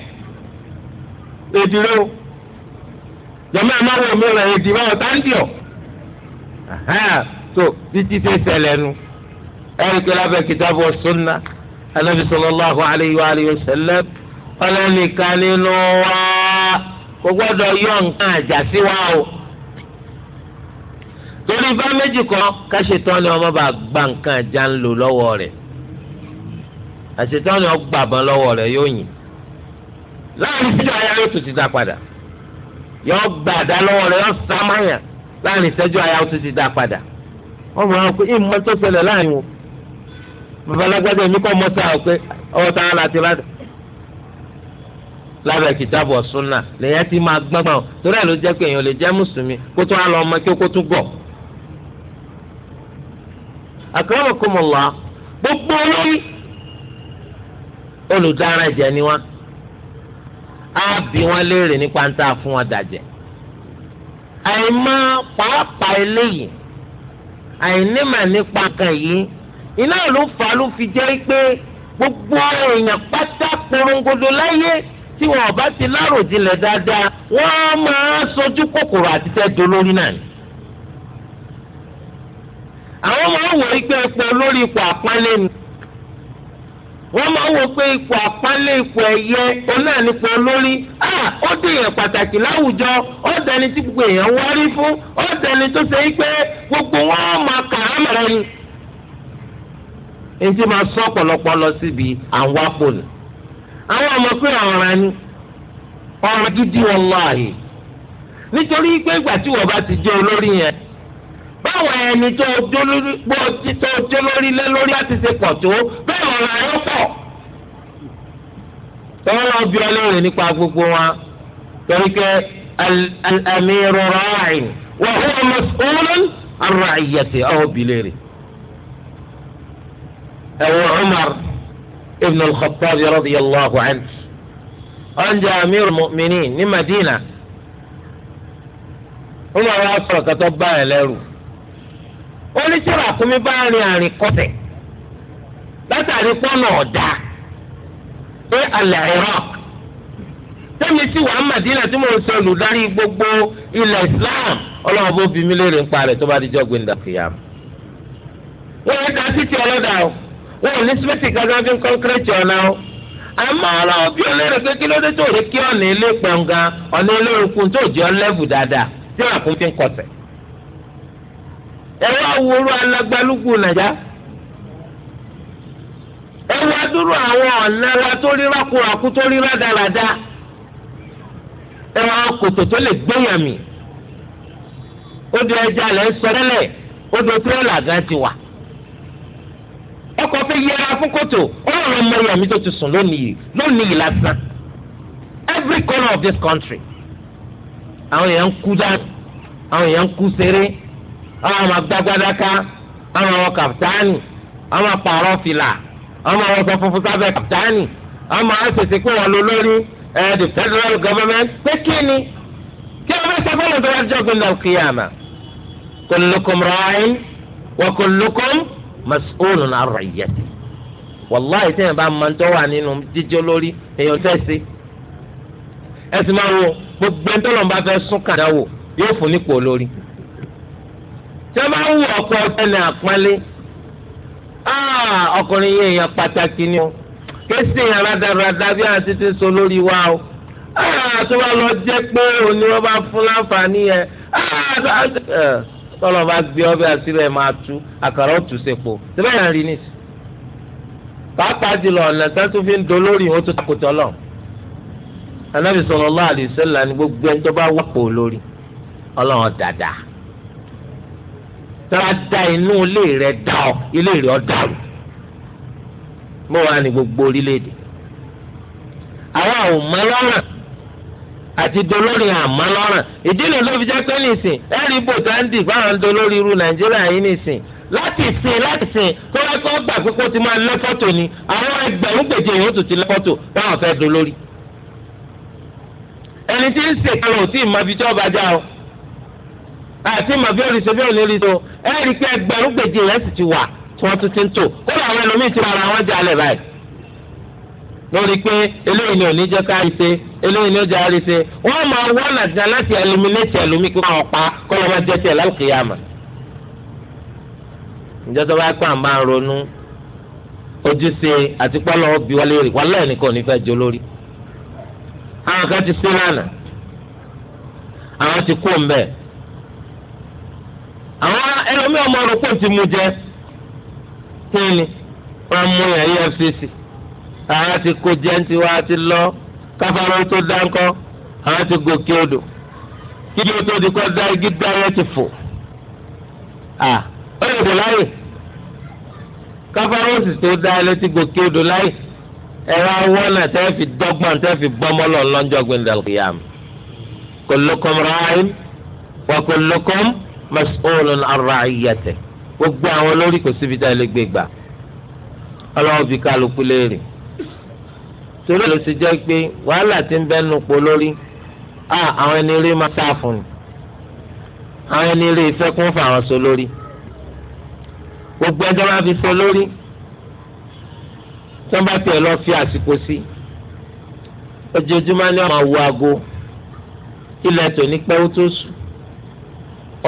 ediro rẹ o jọmọ mi rẹ èdè báwọn tá ń ọ so títí tẹ nu ẹrìkẹ lábẹ́ kìtàbù sunna anabi sallallahu alayhi wa alayhi wa sallam wa yọ nǹkan àjà wa o torí méjì kan ni ọmọ bá gba nǹkan àjà ń lọ́wọ́ rẹ̀ ni lọ́wọ́ rẹ̀ láàrin sídà aya yóò tún ti dá padà yọ gbà àdá lọ́wọ́ rẹ̀ yọ sá máyà láàrin ìṣẹ́jú aya yóò tún ti dá padà ọmọ àwọn pé ìmọ̀ tó ṣẹlẹ̀ láàrin o bàbá alágbádá kọ́ mọ́ sáà pé ọwọ́ láti lábẹ́ kìtàbù ti máa gbọ́ngbọ́n torí ẹ̀ ló jẹ́ lè jẹ́ mùsùlùmí kó tó ọmọ kí ó kó A bí wọn léèrè nípa ń tà fún wọn dàjẹ́ àìmọ̀ pàápàá eléyìí àìnímà nípa kan yìí iná ló fà á ló fi jẹ́ pé gbogbo èèyàn pátá porongodo láyé tí wọn ò bá ti láròjinlẹ̀ dáadáa wọ́n máa sojú kòkòrò àti tẹ́jọ lórí náà ni. àwọn máa ń wọ ikú ẹ̀pọ̀ lórí ipò àpọ́nlé ni wọ́n máa wò pé ipò àpálẹ̀ ipò ẹ̀yẹ ọ̀nà nípa olórí ó dèèyàn pàtàkì láwùjọ ó dẹni tí gbogbo èèyàn wárí fún ó dẹni tó ṣe pé gbogbo wọn lọ síbi àwọn àwọn ọmọ pé gidi wọn lọ àyè nítorí pé wọ́n bá ti jẹ́ olórí yẹn báwọn ẹni tó dé lórí lé lórí àti ṣe pọ̀ tó bẹ́ẹ̀ ọ̀rọ̀ ayọ́ pọ̀. tọ́wọ́ lọ bí ọlọ́run nípa gbogbo wọn torí pé al-amiru ra'in wa huwa mas'ulun an ra'iyyati ọ̀hún bìlẹ̀ ẹ̀wọ̀n Umar ibn al-Khattab radiyallahu anhu ọ̀njà amiru mu'minin ní Madina. Umar wá sọ̀rọ̀ kátó báyìí lẹ́rù. ó ní bá rin àrìn kọsẹ̀ látàrí pọ́nà ọ̀dà pé alẹ́ iraq tẹ́mi tí wàá màdínà tí mo ń sọ olùdarí gbogbo islam ọlọ́run bó bí mi léèrè ń parẹ́ tó bá di jọ́ gbẹ̀ndà kìyàm. wọ́n yẹ ká títí ọlọ́dà o wọ́n ò ní sípẹ́tì kankan fi ń kọ́ńkírẹ́tì ọ̀nà o àmọ́ ọlọ́run bí olóore pé kí ló dé tó rí kí ọ̀nà ilé ọ̀nà ilé ẹ wá wúru nàjà ẹ dúró àwọn ọ̀nà wa tó rí rákúrakú tó rí rádaràda ẹ kòtò tó lè gbéyàn odò ẹja lẹ ń odò tírélà gan ti wà ọkọ̀ fẹ́ yẹra fún kòtò ọ̀rọ̀ ọmọ tó ti sùn lónìí lónìí lásán every corner of this country àwọn èèyàn ń kú dáadáa àwọn èèyàn ń kú seré àwọn máa gbàgbàdàká àwọn àwọn kàftáàní àwọn máa pààrọ̀ fìlà àwọn máa wọṣọ funfun sábẹ́ kàftáàní àwọn máa ṣèṣe pé wọn lò lórí ẹ eh, the federal government pé kí ni kí wọn fẹsẹ̀ fọlọ tó wájú ọgbìn náà kí yà má kullukum ra'in wa kullukum mas'ulun 'an ra'iyyati wàláhì tẹ̀yìn bá máa ń tọ́ wà nínú jíjẹ́ lórí èèyàn fẹ́ sí ẹ̀sìn máa wo gbogbo ẹ̀ńtọ́lọ́mbà fẹ́ sún kàdáwò yóò fún nípò lórí. tẹ bá wù ọkọ ẹni àpọ́nlé ọkùnrin yẹn èèyàn pàtàkì ni o kéésì èèyàn rádaràda bí àwọn títí so lórí wa o tó bá lọ jẹ́ pé òní wọn bá fún láǹfààní yẹn tọ́lọ̀ bá gbé ọbẹ̀ àti rẹ̀ máa tú àkàrà tara da inú ilé rẹ da ọ ilé rẹ ọ dàrú bó wà ní gbogbo orílẹ̀-èdè àwa ò mọ lọ́rùn àti dolórí àmọ́ lọ́rùn ìdílé ló fi jẹ́ pé nìsín ẹ̀rí ibò tàǹdì fáwọn dolórí irú nàìjíríà yìí nìsín láti sìn láti sìn kó wá kó gbà pé kó ti máa lé fọ́tò ni àwọn ẹgbẹ̀rún gbèjè yóò tún ti lé fọ́tò báwọn fẹ́ dolórí ẹni tí ń sèkálò tí ì àti màbí òrìṣẹ́ ori òní rìṣọ ẹ rí ẹgbẹ̀rún gbèjì rẹ̀ sì ti wà tí wọ́n àwọn ẹlòmíì ti báyìí lórí pé eléyìí ni òní jẹ́ ṣe eléyìí ni ó jẹ́ ṣe wọ́n máa wọ́n láti ẹlòmíì kí wọ́n pa kó jẹ́ tiẹ̀ tó bá ronú ojúṣe àti pọ́lọ́ ti àwọn ẹlòmí ọmọ rògbò ti mú jẹ kí ni wọn mú yẹn EFCC àwọn ti kó jẹ ń tiwa ti lọ káfáró tó dáńkọ àwọn ti gòkè odò kí ni o tó di kọ́ da igi dá yẹ ti fò à ó lè dò láyè káfáró sì tó dá yẹ ti gòkè odò láyè ẹ̀rọ awọ́ náà tẹ́ fi dọ́gbọ́n tẹ́ fi bọ́mọ́ lọ lọ́njọ́ gbẹ̀ndàlùkìyàm kullukum ra'in wa kullukum mas'ulun an ra'iyyatihi gbogbo àwọn olórí kò síbi tá a lè gbé gbà ọlọ́wọ́ fi kálukú léèrè torí ló ti jẹ́ pé wàhálà ti ń bẹ́nu pọ̀ lórí àwọn ẹni rí máa sá fún ni àwọn ẹni rí ìfẹ́ kún fún àwọn sọ lórí gbogbo ẹjọ́ máa fi sọ lórí tí wọ́n bá tiẹ̀ lọ fi àsìkò sí ojoojúmọ́ ni wọ́n máa wo aago ilẹ̀ tòní pẹ́ ó sùn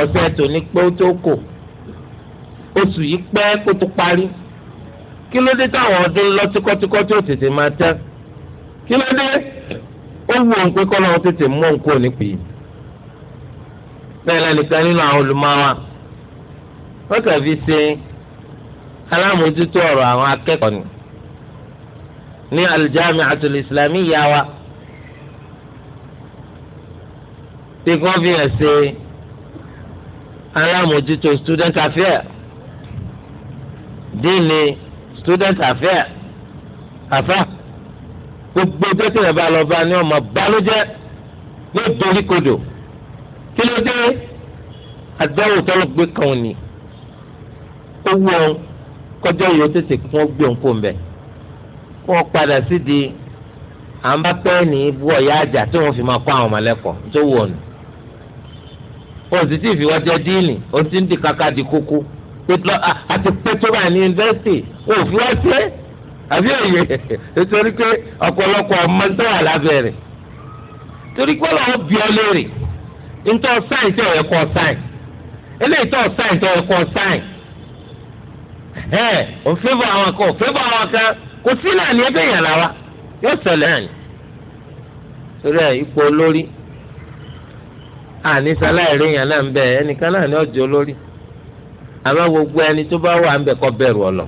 ọ̀sẹ̀ tòní pé ó tó kò oṣù yìí pẹ́ kó tó parí kí ló dé táwọn ọdún lọ tíkọ́tíkọ́ tó tètè máa tẹ́ kí ló dé ó wù òun pé kọ́lọ́ tètè mú òun kúrò nípì yìí bẹ́ẹ̀ lẹ́nìkan nínú àwọn olùmọ́wá wọ́n kàn ṣe alámòójútó ọ̀rọ̀ àwọn akẹ́kọ̀ọ́ ni ní aljami'atul islamiyya wa tí wọ́n fi hàn ṣe alámòjútó student affair dini student affair afa gbogbo tẹ́tẹ́ yẹn bá lọ bá ní ọmọ balójẹ́ ní ìdóríkodò kí ló dé àdáwò tọ́lọ́ gbé kan ò ní owó ọ̀hún kọjá yìí ó tètè kí wọ́n gbé òun kó mbẹ́ padà sí à ń bá pẹ́ẹ́nì ibú ọ̀yá àjà tí wọ́n fi máa kọ́ àwọn ọmọ lẹ́kọ̀ọ́ tó wù ọ̀nù. òsì ti ń di kaka di kókó pétlọ àti pétrọba ní yunifásitì òfin wá sí àbí òye nítorí pé ọ̀pọ̀lọpọ̀ ọmọ tó wà lábẹ́rẹ̀ torí pé ọlọ́wọ́ bí ọ léèrè ntọ́ sáìn tí ọ̀yẹ́ kọ́ sáìn eléyìí tọ́ sáìn tí ọ̀yẹ́ kọ́ sáìn ẹ̀ òfébà àwọn kan òfébà àwọn kan kò sí náà ní ẹgbẹ́ yóò torí ipò olórí àníṣe aláìrí yẹn náà ń bẹ ẹnìkan náà ní ọjọ́ lórí àmọ́ gbogbo ẹni tó bá wà ń bẹ bẹrù ọlọ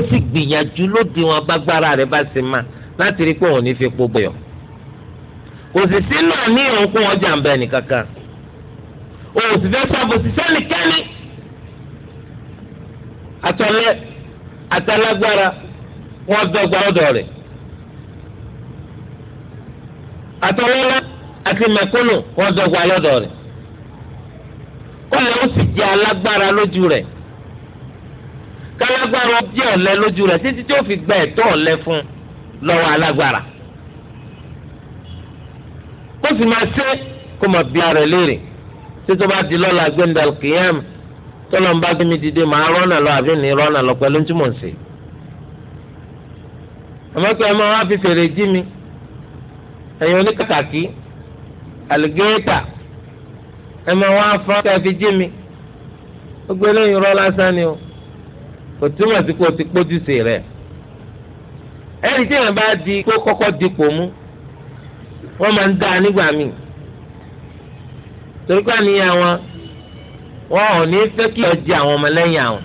ó sì gbìyànjú lóde wọn bágbára rẹ bá sì má láti rí pé òun ní fi po kò sì sí náà ní òun kó wọn jàǹbá òun sì fẹ́ wọn bẹ àti mẹ̀kúnnù wọ́n dọ́gba lọ́dọ̀ rẹ̀ kọlẹ ó sì jẹ́ alágbára lójú rẹ̀ kálágbára jẹ́ ọ̀lẹ lójú rẹ̀ títí tí ó fi gba ẹ̀tọ́ ọ̀lẹ fún lọ́wọ́ alágbára kó sì máa ṣe kó máa bí ara léèrè tí tó bá di lọ́la gbẹ̀ndàl kìíyàm tọ́lọ̀ ń bá gbẹ̀mí dìde màá rọ́nà lọ àbí ní rọ́nà lọ pẹ̀lú tí mò ń ṣe. àmọ́ pé ẹ máa wá fi fèrè jí mi ẹ̀yin oníkàkàkí àlìgẹ́tà ẹ máa wá fún ẹ fi jí mi gbogbo eléyìí rọ lásán ni o kò túmọ̀ sí kó o ti pójúṣe rẹ̀ ẹni tí èèyàn bá di kó kọ́kọ́ dipò mú wọ́n máa ń dá a nígbà míì torí ká níyà wọn wọn ò ní fẹ́ kí ọjà àwọn ọmọlẹ́yìn àwọn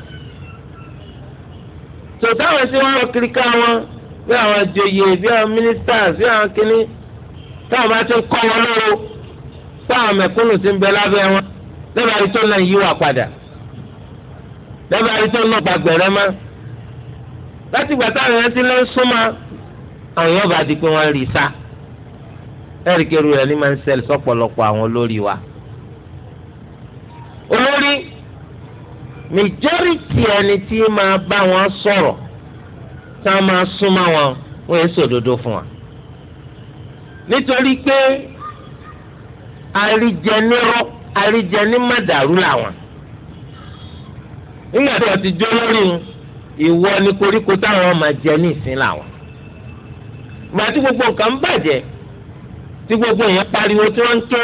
tòótọ́ àwọn tí wọ́n lọ kiri ká wọn bí àwọn àjòyè bí àwọn mínísítàs bí àwọn kìnnì táwọn bá ti kọ́ wọn lọ́wọ́ táwọn mẹ̀kúnnù ti ń bẹ lábẹ́ wọn lẹ́bàá rí tó náà yíwà padà lẹ́bàá rí tó náà gbàgbẹ́rẹ́ mọ́ láti gbà táwọn yẹn ti lọ súnmọ́ àwọn yóò bá di pé wọ́n rí sá ẹ̀ríkẹ́rù rẹ̀ ní máa ń ṣẹlẹ̀ sọ́pọ̀lọpọ̀ àwọn olórí wa olórí majority ẹni tí máa bá wọn sọ̀rọ̀ tá a máa súnmọ́ wọn wọ́n yẹn sòdodo fún wa nítorí pé arijẹnirọ arijẹnimadaru làwọn nígbà tí ti jó lórí ìwọ ni koríko táwọn jẹ gbogbo nǹkan ń bàjẹ́ tí gbogbo èèyàn pariwo tí wọ́n ń ké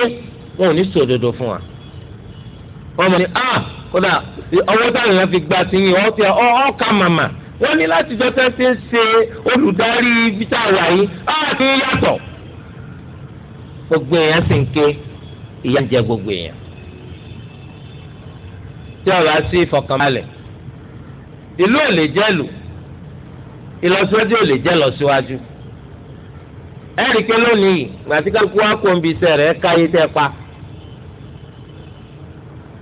wọn ò ní sòdodo fún wa ah, fi gba sí yìí wọ́n ọ màmá ṣe olùdarí yìí ah kí yàtọ̀ gbogbo èèyàn sì ìyà ń jẹ gbogbo èèyàn tí ọ̀rọ̀ á sí ìfọ̀kànbalẹ̀ ìlú ò lè jẹ́ ìlú ìlọsíwájú ò lè jẹ́ ìlọsíwájú ẹ̀rí pé lónìí gbàtí kálukú wa kó ń bi iṣẹ́ rẹ̀ ká yé tẹ́ pa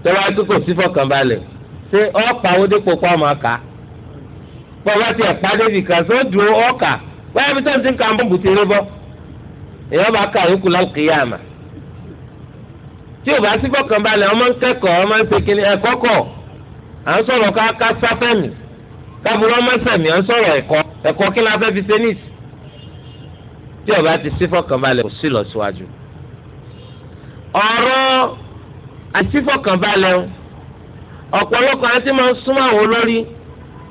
tọ́wá tó kò sí fọ̀kànbalẹ̀ ṣé ọ̀pá owó dépò pa ká bọ́lá tiẹ̀ pa débi kan ṣé ó ọ̀kà báyọ̀ bí sẹ́ni ń ka ń bọ̀ bùtì rẹ bọ́ èèyàn bá kà yókù lálùkìyàmà tí o bá sí fọkàn balẹ̀ ọmọ ń kẹ́kọ̀ọ́ ọmọ ń sekele ẹ̀kọ́ kọ̀ à ń sọ̀rọ̀ ká ká sáfẹ́mi kábùrọ̀ ọmọ sẹ̀mí à ń sọ̀rọ̀ ẹ̀kọ́ ẹ̀kọ́ kí la fẹ́ fi ṣe níìsì tí o bá ti sí fọkàn balẹ̀ kò sí lọ síwájú. ọ̀rọ̀ àìsífọkàn balẹ̀ ọ̀pọ̀lọpọ̀ àti máa ń súnmọ́ àwọn olórí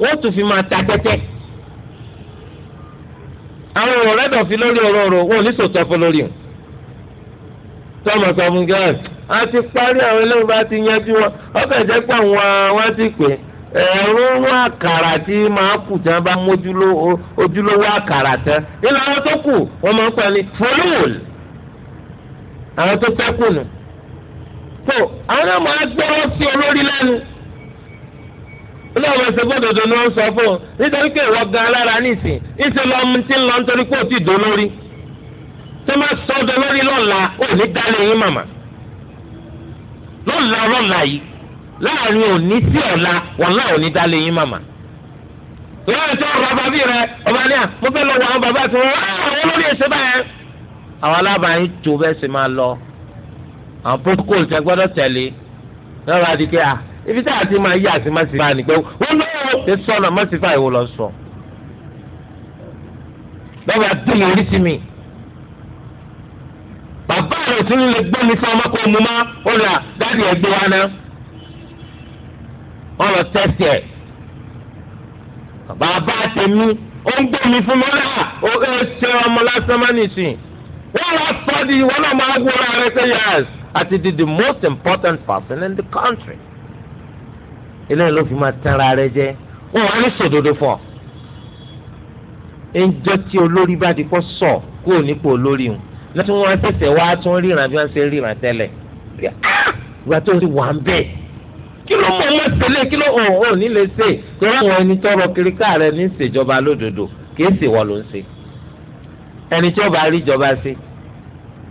wọ́n tún fi máa ta tẹ́tẹ́ àwọn ọ̀rẹ́dọ̀ fi lórí òróró wọn ò ní sòtọ́ fún lórí a ti parí àwọn eléyìí bá ti yanjú wọn wọ́n jẹ́ pé àwọn ti pè ẹ̀rún àkàrà tí máa kù tí wọ́n bá mójúlò ojúlówó àkàrà tẹ nínú àwọn tó kù wọ́n máa ń pè ní fúlùl àwọn tó tẹ́kù nù. tó àwọn náà máa gbọ́rọ̀ sí olórí lẹ́nu ni wọ́n sọ fún un nítorí pé ìwọ gan alára ìṣe lọ mu ti ń lọ nítorí pé ó ti dò lórí tó máa sọ ọdọ lórí lọ́la lọ́la lọ́la yìí láàrin òní sí ọ̀la wàhálà òní dálé yín màmá. ìyá rẹ̀ tó ọ̀rọ̀ ọba bí rẹ̀ ọba ní à mo fẹ́ lọ wọ àwọn bàbá tó wọ́n àwọn olórí èsè báyẹn. àwọn alábàáyín tó bẹ́ẹ̀ sì máa lọ àwọn protocol tẹ gbọ́dọ̀ tẹ̀lé lọ́wọ́ adìgẹ́ à ibi tá a ti máa yí àti máa sì máa nìgbẹ́ wọ́n lọ́wọ́ ṣe sọ̀nà má sì fà ìwọ lọ sọ. lọ́wọ́ adìgẹ́ orí sí mi sí ní lè gbẹ́mi sí ọmọ kó mu má ó là dáàbì ẹgbẹ́ wa ná. wọ́n lọ tẹ́sí bàbá tèmi ó ń gbẹ́mi fún mi rà ó ṣe ọmọ lásán má nìsín. wọ́n lọ sọ di ìwọ náà máa wúra rẹ pé yẹs àti di the most important person in the country. eléyìí ló fi máa tẹ́ra rẹ jẹ wọ́n wá ní sòdodo fún ọ ń jẹ́ tí olórí bá di kọ́ sọ̀ kó o nípò olórí wọn lọ́tún wọn ṣẹ̀ṣẹ̀ wá tún ríran bí wọ́n ṣe ríran tẹ́lẹ̀ ah, ìgbà tó ti wà ń bẹ̀ kí ló mọ̀ ọmọ tẹ́lẹ̀ kí ló hàn oh, ó oh, nílé ṣe tó ráwọn ẹni tọrọ kiri káàrẹ ní ìṣèjọba lódodo kì í ṣe wọ́n ló ń ṣe ẹni tí ó bá rí ìjọba ṣe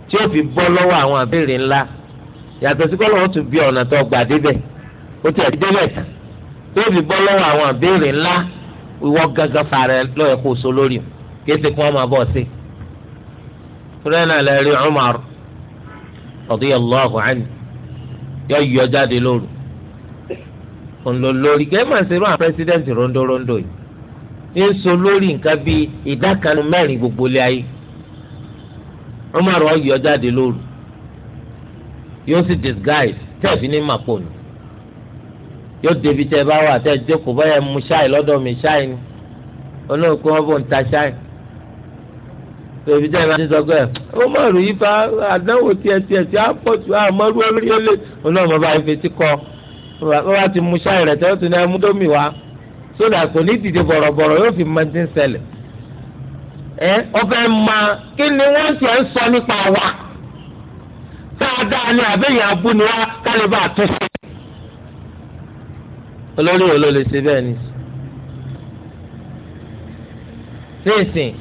tí ó fi bọ́ lọ́wọ́ àwọn àbẹ̀rẹ̀ ńlá yàtọ̀ sí kọ́lọ́ wọn tún bí ọ̀nà tó gbà débẹ̀ ó ti ẹ̀dí débẹ̀ tán tí ó fi bọ́ lọ́wọ́ àwọn àbẹ̀rẹ̀ ńlá ìwọ gángan fàrẹ̀ lọ́yẹ̀ kó so lórí kì í ṣe kí wọ́n máa bọ̀ ṣe. turẹ́nà lẹ́rìí Umar radiyallahu anhu yọ yọ jáde lóru òun ló lórí kẹ́ máa ṣe irú àwọn pẹ́sidẹ́ǹtì rondórondó so lórí nǹkan bíi idakanu mẹ́rin gbogbo ilé ayé Umar ó yọ jáde lóru yóò sì disguise tẹ́ẹ̀fì ní yóò débi tẹ́ bá wà tẹ́ẹ̀ jókòó báyẹn mu ṣáì lọdọ mi ṣáì ni olóòkú ń ta ṣáì tòbí jẹ́ ìbáraẹni sọ pé ó mọ̀ rú yífa àdánwò tiẹ̀ tiẹ̀ tí a pọ̀ jù àmọ́rú orí olè òun náà mọ̀ bá ife tí kọ́ ó bá ti mú ṣáì rẹ̀ tẹ́lẹ̀ tó ní ẹmúdómì wá sódà kò ní dìde bọ̀rọ̀bọ̀rọ̀ yóò fi máa ti ń ṣẹlẹ̀ ẹ ọbẹ̀ ma kí ni wọ́n ti ń sọ nípa wa dáadáa ni àbẹ̀yìn abú ni kálí bá àtúnṣe. olórí wo ló lè ṣe bẹ́ẹ̀ ni? nísìnyí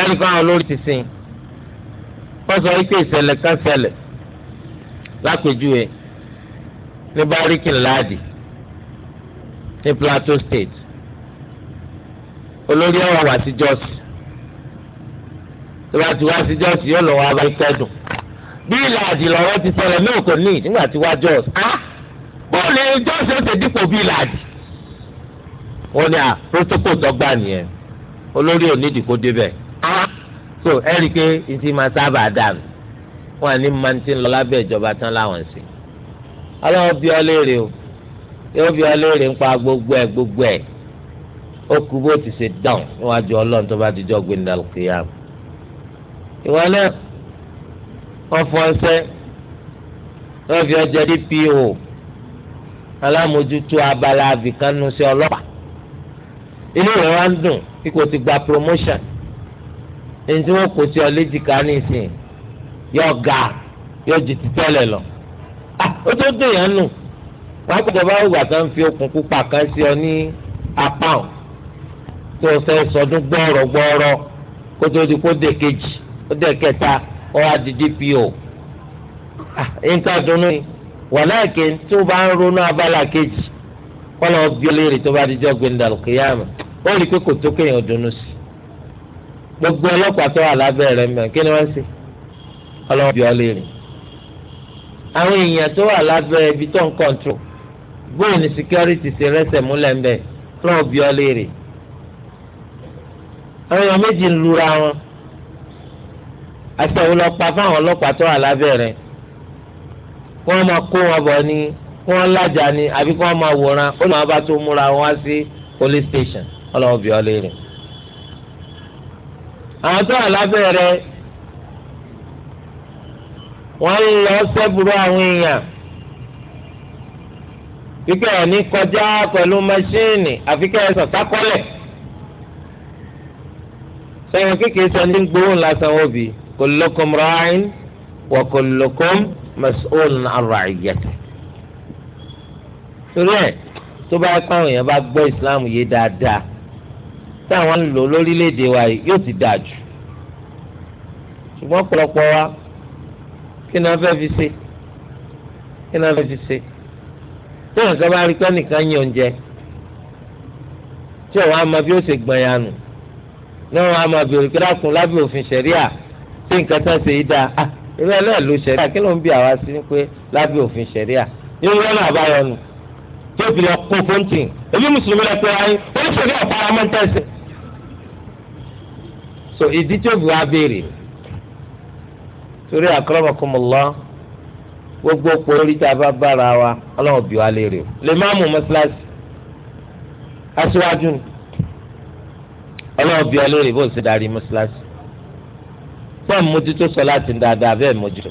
ẹnì kan àwọn olórí ti sìn wọ́n sọ wípé ìṣẹ̀lẹ̀ kan ṣẹlẹ̀ lápèjúwe ní báríkì ńláàdì ní Plateau State olórí ọ̀wà wá sí jọ́sì tó bá ti wá sí jọ́sì yóò lọ wá bá kẹ́dùn bí ìlàjì lọ́rọ́ ti ṣẹlẹ̀ náà kò ní nígbà tí wá jọ́sì á ah! bọ́ọ̀lù jọ́sì ó ti dípò bí ìlàjì wọ́n ní à protocol dọ́gba nìyẹn olórí ò nídìí kó débẹ̀ so ẹ rí i pé ìtì máa sábà dànù wọn àní máa ti ń lọ lábẹ́ ìjọba tán láwọn sí ọlọ́wọ́ bí ọ léèrè o yóò bí ọ léèrè ń pa gbogbo ẹ̀ gbogbo ẹ̀ ó kú bó ti ṣe dán níwájú ọlọ́run tó bá ti jọ gbẹ̀ndà kìíyà ìwọ náà wọ́n fọ ẹsẹ́ wọ́n fi ọjọ́ dpo alámòjútó abala abìkánú sí ọlọ́pàá inú rẹ̀ wá ń dùn kíkó ti gba promotion ẹni tí wọ́n kò sí ọ léjìká nísìn yóò ga yóò ju ti tẹ́lẹ̀ lọ. Ah, ó tó dùn yẹn nù wọ́n á kó jọba ògbà tó ń fi okùn pupa kan sí ọ ní apá ọ̀ tó fẹ́ sọdún gbọ́ọ̀rọ̀ gbọ́ọ̀rọ̀ kó tó di kó dé kejì ó dé kẹta ó wá di dpo. nǹkan ah, dunu ni wàláàkì tó bá ń ronú abala kejì kọ́ lọ́ọ́ bí ọ léèrè tó bá di jọ́ gbẹ̀ndàlùkìyàmù ó rí i pé kò tó kéèyàn dunu sí i gbogbo ọlọ́pàá tó wà lábẹ́ rẹ̀ mẹ́ kí ni wọ́n ṣe ọlọ́wọ́ bí ọlẹ́ rìn àwọn èèyàn tó wà lábẹ́ ibi tó ń kọ́ńtró bóun ni security ṣe rẹ́sẹ̀ múlẹ̀ ń bẹ̀ ọlọ́wọ́ bí ọlẹ́ rìn àwọn èèyàn méjì ń lura wọn àti àwọn ọlọ́pàá fáwọn ọlọ́pàá tó wà lábẹ́ rẹ̀ máa kó wọn bọ̀ ní wọ́n lájà ni àbí kí wọ́n máa wòran ó lọ́wọ́ bá tó múra wọn wá sí police station ọlọ́wọ́ bí ọlẹ́ rìn àwọn tó wà lábẹ́ rẹ̀ wọ́n ń lọ sẹ́bùrú àwọn èèyàn fíkẹ́ ẹ̀ ní kọjá pẹ̀lú mẹ́ṣíìnì àfikẹ́ ẹ̀ sọ̀tákọ́lẹ̀ sẹ́yìn kékeré sọ ní gbowó lásán òbí kullukum ra'in wa kullukum mas'ulun 'an ra'iyyatihi. torí ẹ̀ tó bá pàwọn èèyàn bá gbọ́ ìsìláàmù yé dáadáa táwọn ń lò lórílẹ̀‐èdè wa yóò ti dáa jù ṣùgbọ́n pọ̀lọpọ̀ wa kí ni wọ́n fẹ́ fi ṣe kí ni wọ́n fẹ́ fi ṣe tí wọ́n sábà rí pé nìkan yàn jẹ tí wọ́n á mọ bí ó ṣe gbọ̀n yà nù ní wọ́n á mọ bèrè kí lákùn lábẹ́ òfin ṣẹ̀ríà tí nǹkan tán ṣe yí dáa ah ìwé ẹlẹ́ẹ̀ ló ṣẹ̀ríà kí ló ń bí àwa sí ni pé lábẹ́ òfin ṣẹ̀ríà ní wọ́n náà bá yọ nù tóbi lọ kó fóńtì èmi mùsùlùmí lọ ayé oníṣẹ́rí ọ̀pá ọmọ ń so ìdí tí ó fi wá béèrè torí akramakumullah gbogbo pò orí tá a bá bára wa ọlọ́run bí wa léèrè o lè má mú mọ́sálásí aṣíwájú ni ọlọ́run bí wa léèrè bó ṣe darí mọ́sálásí bẹ́ẹ̀ mójútó sọ láti dáadáa bẹ́ẹ̀ mójútó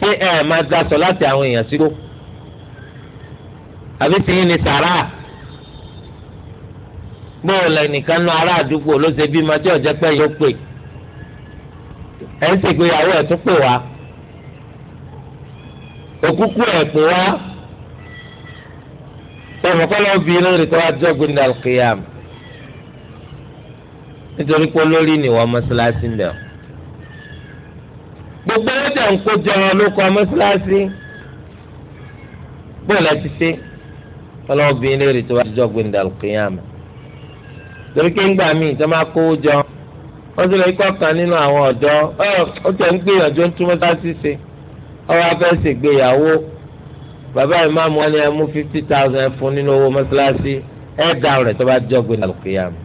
ṣé ẹ máa da sọ láti àwọn èèyàn sí ló àbí tìyín ni sàrà bóò lẹnìkan nu ará àdúgbò ló ṣe bímọ tí ọjọ́ pẹ́ yóò pè ẹ̀ ń ṣègbéyàwó ẹ̀ tún pè wá òkúkú ẹ̀ pè wá tọmọkọlọ obìnrin rẹ̀ tó wá jọ gbẹndà kìyàm nítorí pé olórí ni wọ́n mọ́ṣáláṣí ń gbogbo ẹ̀jẹ̀ ń kó ló kọ́ mọ́ṣáláṣí bóò lẹ́ ti ṣe kọlọ obìnrin rẹ̀ tó wá gbẹndà kìyàm torí pé ńgbà míì tó máa kó jọ wọ́n ti lọ ikọ́ kan nínú àwọn ọ̀dọ́ ó tẹ̀ ń gbìyànjú ń túmọ̀ tá ṣíṣe ọwọ́ afẹ́ ṣègbéyàwó bàbá ìmáàmù wọn ni ẹ mú fifty thousand ẹ fún nínú owó mọ́ṣáláṣí ẹ dá rẹ̀ tó bá jọ gbé lálùkìyàmù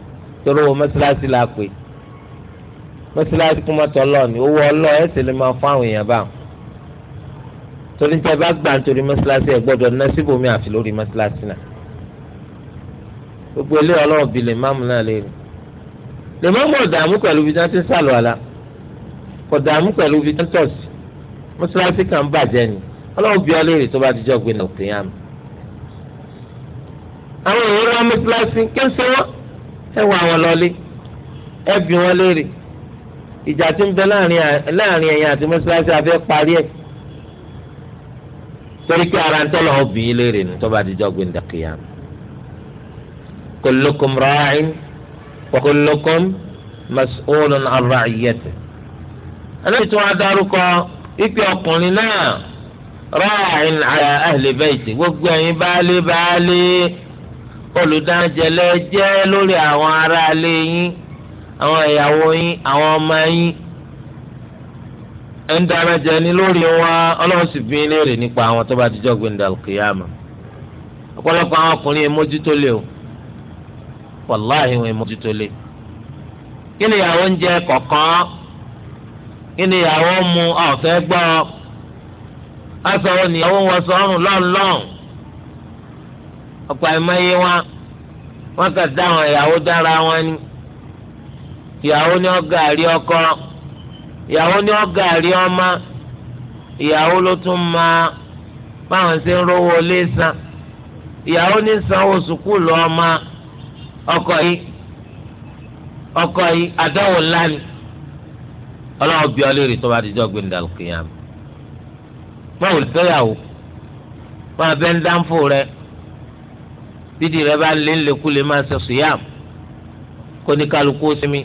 torí owó mọ́ṣáláṣí la pè mọ́ṣáláṣí kún mọ́tọ́ lọ́ọ̀ni owó ọlọ́ọ̀ ẹ̀ sì lè máa fún àwọn èèyàn báwọn torí tẹ bá gbà nítorí mọ́ṣáláṣí ẹ gbọ́dọ̀ ná síbòmí àfi lórí mọ́ṣáláṣí náà gbogbo ilé ọlọ́run bíi lè máàmù náà lè rìn lè máàmù ọ̀dààmú pẹ̀lú ibi tí wọ́n ti ń sàlù àlá ọ̀dààmú pẹ̀lú ibi tí wọ́n tọ̀sí mọ́ṣáláṣí kan bàjẹ́ ni ọlọ́run bíi ọlẹ́rìí tó bá ti jọ gbin òkè yá mi. àwọn èèyàn rán mọ́ṣáláṣí kí ń ṣe wọ́n ẹ wọ àwọn lọ́lé ẹ bí wọ́n léèrè ìjà tí ń bẹ láàrin ẹ̀yìn àti mọ́ṣáláṣí abẹ́ parí ẹ̀ torí pé ara ń tọ́lọ̀ كلكم راع وكلكم مسؤول عن رعيته أنا أدارك ipe ọkùnrin náà ráàyìn àyà ahli bayti gbogbo ẹ̀yin baálé baálé olùdájẹlẹ jẹ́ lórí àwọn aráalé yín àwọn ìyàwó yín àwọn ọmọ yín ẹ̀ ń dára jẹ ní lórí wọn ọlọ́run sì bí léèrè nípa àwọn tó bá ti wàláhì wọn ìmọ̀tútù lé kí ni ìyàwó ń jẹ kọ̀ọ̀kan kí ni ìyàwó mu ọ̀fẹ́ gbọ́ aṣọ nìyàwó ń wọṣọ ọrùn lọ́nlọ́n ọ̀pọ̀ àìmọye wọn wọn kà dáhùn ìyàwó dára wọn ni ìyàwó ni ọgá àrí ọkọ ìyàwó ni àrí ọmọ ìyàwó ló tún báwọn ṣe ń rówó lé san ìyàwó ní sanwó sùkúlù ọmọ. ọkọ yìí ọkọ yìí àdáwò ńlá ni ọlọ́wọ́ bí ọlẹ́rìí tó bá ti jọ́ gbẹ̀ndà kìyàm báwo lè fẹ́yàwó máa bẹ́ ń dáńfò rẹ bídì rẹ bá lé ńlẹ́kùlé máa ṣe sùyàm kó ní kálukú sinmi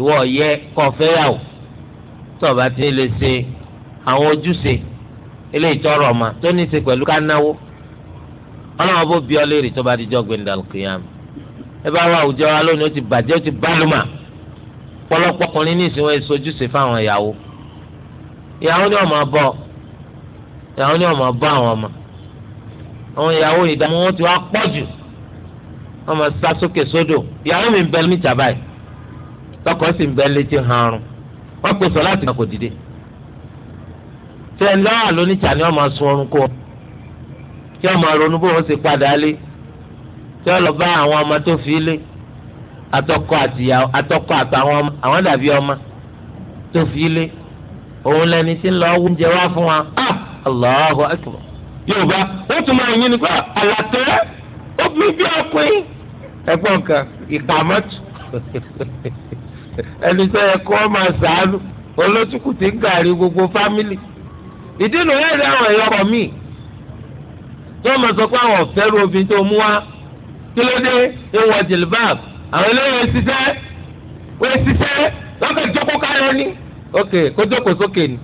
ìwọ yẹ kó fẹ́yàwó tó o bá ti lè ṣe àwọn ojúṣe eléyìí tọrọ ọmọ tó ní í ṣe pẹ̀lú ká ọlọ́wọ́ bó bí ọlẹ́rìí tó bá ti jọ́ gbẹ̀ndà kìyàm ẹ bá àwùjọ wa lónìí ó ti bàjẹ́ ó ti bálùmà pọ̀lọpọ̀ ọkùnrin ní ìsìn wọn ìsojúṣe fáwọn ìyàwó ìyàwó ni ọmọ bọ ìyàwó ni ọmọ bọ àwọn ọmọ àwọn ìyàwó ìdààmú wọn ti wá pọ̀ jù wọn máa sá sókè sódò ìyàwó mi ń bẹ níta báyìí tọkọ sì ń bẹ létí hanrun wọn pèsè láti kò dìde tẹ lọ́wọ́ lóníta ni wọn máa sun orun kó kí wọn máa ronú bó wọn ṣe padà lé tí wọ́n lọ bá àwọn ọmọ tó fi lé atọ́kọ àtìyàwó atọ́kọ àtàwọn ọmọ àwọn dàbí ọmọ tó fi lé òun lẹni tí ń lọ oúnjẹ wá fún wa ah, Allahu akbar yorùbá ó tún máa yín nípa àlàtẹ́ ó bí bí ọkùnrin ẹ̀gbọ́n kan ìkàmọ́tò ẹni tó yẹ kó máa sàánú olótùkù tí ń gàrí gbogbo fámìlì ìdí nu yẹn àwọn ẹ̀yọ́ ọkọ̀ míì tí wọ́n máa sọ pé àwọn ọ̀fẹ́ ru obìnrin tó mú wa kílódé ewọ jìlbáàb àwọn eléyìí èsìsẹ́ èsìsẹ́ lọ́kàn jókòó kárẹ́ ni ok kó jókòó sókè ni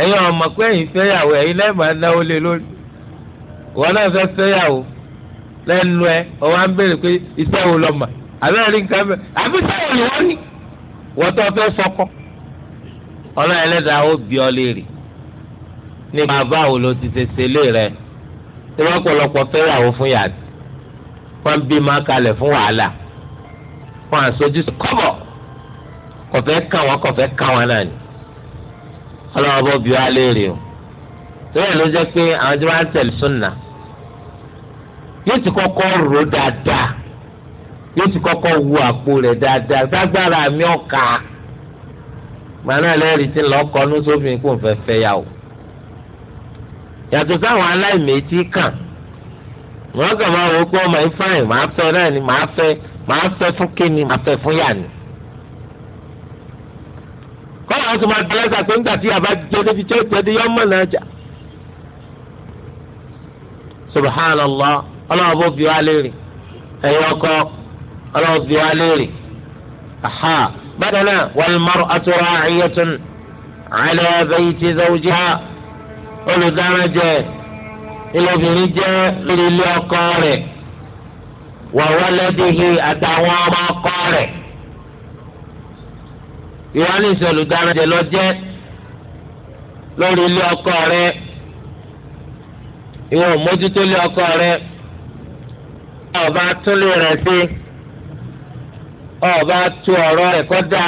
ẹ̀yin ọmọ pé ẹ̀yin fẹ́yàwó ẹ̀yin náà máa náwó lé lórí wọn náà fẹ́ fẹ́yàwó lẹ́nu ẹ ọwọ́ à ń béèrè pé iṣẹ́ wo lọ́mọ àbẹ́rẹ́ rí nǹkan bẹ́ẹ̀ àbí sẹ́wọ̀n ni wọ́n ní wọ́n tó fẹ́ sọkọ ọlọ́run ẹlẹ́dàá ó bí ọ lé rẹ tí wọ́n bí máa kalẹ̀ fún wàhálà Wọn àsojú kọ́bọ̀ kọ̀fẹ́ kàn wọ́n kọ̀fẹ́ kàn wọ́n náà ni ọlọ́wọ́ bọ́ bí wọ́n á léèrè o tẹ́lẹ̀ ló jẹ́ pé àwọn tí wọ́n á tẹ̀lé súnà yóò ti kọ́kọ́ rò dáadáa yóò ti kọ́kọ́ wu àpò rẹ̀ dáadáa dágbára àmì ọ̀kà. gbanáà lẹ́rìí tí ń lọ́kọ́ ní sófin kò fẹ́ fẹ́ yà o yàtọ̀ sáwọn aláìmẹ̀tì kàn wọ́n kàn máa wọ pé ọmọ yìí fáìn máa fẹ́ náà ni máa fẹ́ máa fẹ́ fún kíni máa fẹ́ fún yàní. kọ́lá wọn tún máa bẹ̀rẹ̀ sà pé nígbà tí yàrá jẹ́ débi tí ó jẹ́ dé yọ́mọ̀ náà jà. subhanallah ọlọ́wọ́ bó bí wá léèrè ẹ̀yin ọkọ ọlọ́wọ́ bí wá léèrè. bákan náà wal mar'atu ra'iyatun ala bayti zawjiha olùdáná jẹ́ ẹ̀. ilobìnrin jẹ́ lórí ilé ọkọ rẹ̀ wà wọlẹ́dìhì àtàwọn ọmọ ọkọ rẹ̀ ìwánìsí olùdarajẹ lọ jẹ́ lórí ilé ọkọ rẹ̀ ìwọ mójútó ilé ọkọ rẹ̀ ọba túnlé rẹ̀ sí ọba tú ọ̀rọ̀ rẹ̀ kọ da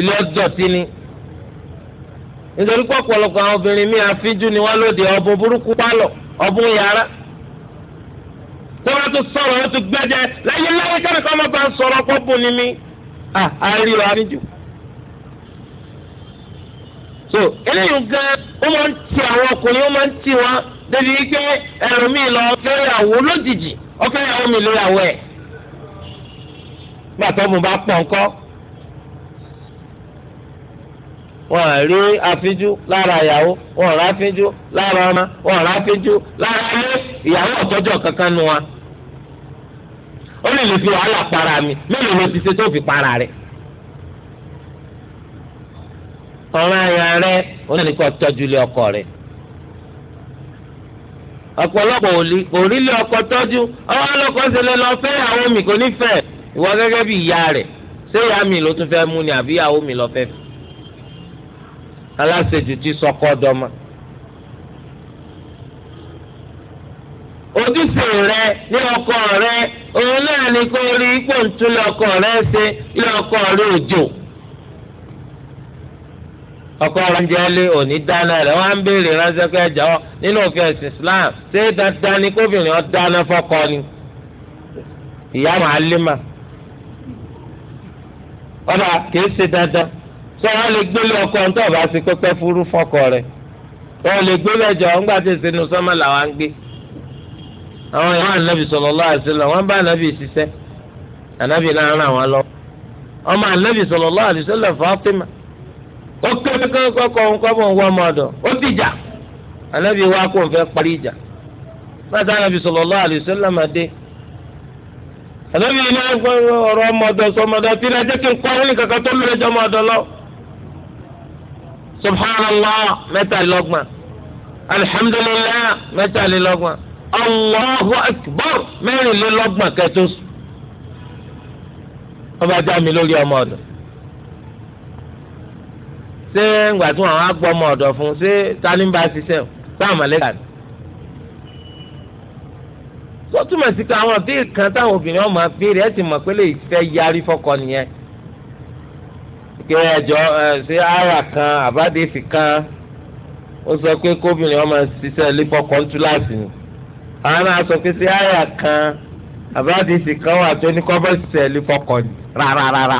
ilé ọjọ́ tí ni. nítorí pé ọ̀pọ̀lọpọ̀ àwọn obìnrin mi àfíjú ni wọ́n lòdì ọ̀bùn burúkú pálọ̀ ọ̀bùn yàrá tó bá tún sọ̀rọ̀ ó tún gbẹ́jẹ́ láyé láyé kẹ́mi kọ́ máa bá ń sọ̀rọ̀ ọkọ̀ bùn ni mí àárí wa níjù. so eléyìí gan ó máa ń ti àwọn ọkùnrin ó máa ń ti wọn débi wípé ẹlòmíì lọ fẹ́yàwó lójijì ọ̀fẹ́yàwó mi lóyàwó ẹ̀ gbàtọ́ mo bá pọ̀ nǹkan wọn à rí afínjú lára ìyàwó wọn à rí afínjú lára ọmọ wọn à rí afínjú lára ilé ìyàwó ọ̀tọ́jọ́ kankan nu wa. ó lè lè fi wàhálà para mi mélòó ló ti ṣe tó fi para rẹ̀. ọ̀ràn àyà rẹ̀ oníkọ́ tọ́jú lé ọkọ rẹ̀ ọ̀pọ̀lọpọ̀ òrílé ọkọ tọ́jú ọwọ́ ṣẹlẹ̀ lọ fẹ́ àwọn mi kò ní ìwọ gẹ́gẹ́ bí ìyá rẹ̀ ṣé ìyá mi ló tún fẹ́ mú ni àbí ìyàwó mi lọ fẹ́ fẹ́. aláṣejù ti sọkọ dọmọ. ojúṣe rẹ ní ọkọ rẹ òun náà ni kó rí ipò ọkọ rẹ ṣe ilé ọkọ rẹ òjò. ọkọ rẹ ń jẹ rẹ wọn á ń béèrè ránṣẹ́ nínú òfin ẹ̀sìn Islam ṣé dandan ni kóbìnrin ọ dáná ni ìyá màá lé mà. ọ̀dà kìí ṣe sọ wọn lè gbélé ọkọ ntọ́ bá sí pẹ́pẹ́ fúrú fọkọ rẹ wọn lè gbélé ẹjọ ńgbà tí ìsinú sọmọ làwọn ń gbé àwọn ìwà ànábì wọn bá ànábì ànábì náà ràn wọn Fatima ó kéré kọ́kọ́ subhanallah mẹ́tàlélọ́gbọ̀n متى mẹ́tàlélọ́gbọ̀n allahu akbar mẹ́rìnlélọ́gbọ̀n kẹtó wọ́n bá dá mi lórí ọmọ ọ̀dọ̀ ṣé ńgbà tí wọ́n á gbọ́ ọmọ ọ̀dọ̀ fún ṣé ta ni bá ṣiṣẹ́ o sáà mọ̀lẹ́kà ni tó túmọ̀ sí pé àwọn bíi kan táwọn obìnrin ọmọ abéèrè ẹ̀ ti mọ̀ pé lè fẹ́ yarí fọkọ nìyẹn kí ẹjọ ẹ sí àyà kan si kan ó sọ pé kóbìnrin ọmọ ṣiṣẹ́ labour kọ́ńtúláàsì ni àwọn náà sọ pé sí àyà kan kan wà tó ní kọ́bọ̀ ṣiṣẹ́ labour kọ́ ni rárára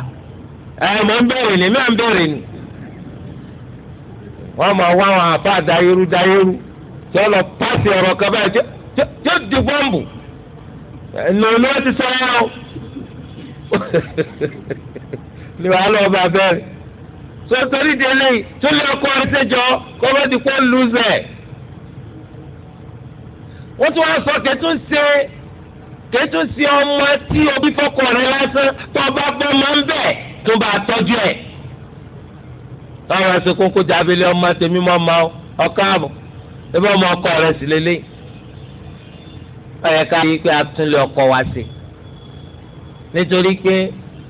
ẹ mọ̀ ń bẹ̀rẹ̀ ni mọ̀ ń bẹ̀rẹ̀ ni wọ́n mọ̀ wá àwọn dayeru tí lọ pàṣẹ kan báyìí tí ó di bọ́ǹbù ni wàá lọ bá bẹ́ẹ̀ sọtọ́rí délé tó lé ọkọ rẹ sẹ́jọ́ kó bá ti kó lùzẹ̀. wọ́n tún wá sọ kẹ́tún ṣe kẹ́tún ṣe ọmọ tí òbí fọkọ rẹ lásán tó bá bọ́ máa ń bẹ̀ tó bá tọ́jú ẹ̀. báwọn aṣọ kókó jábílẹ̀ ọmọ tèmi mọ́ ma ọkọ àbọ̀ ẹbí ọmọ ọkọ rẹ sì lélẹ̀. ọ̀yẹ̀ká yìí pé a tún lé ọkọ wa sí nítorí pé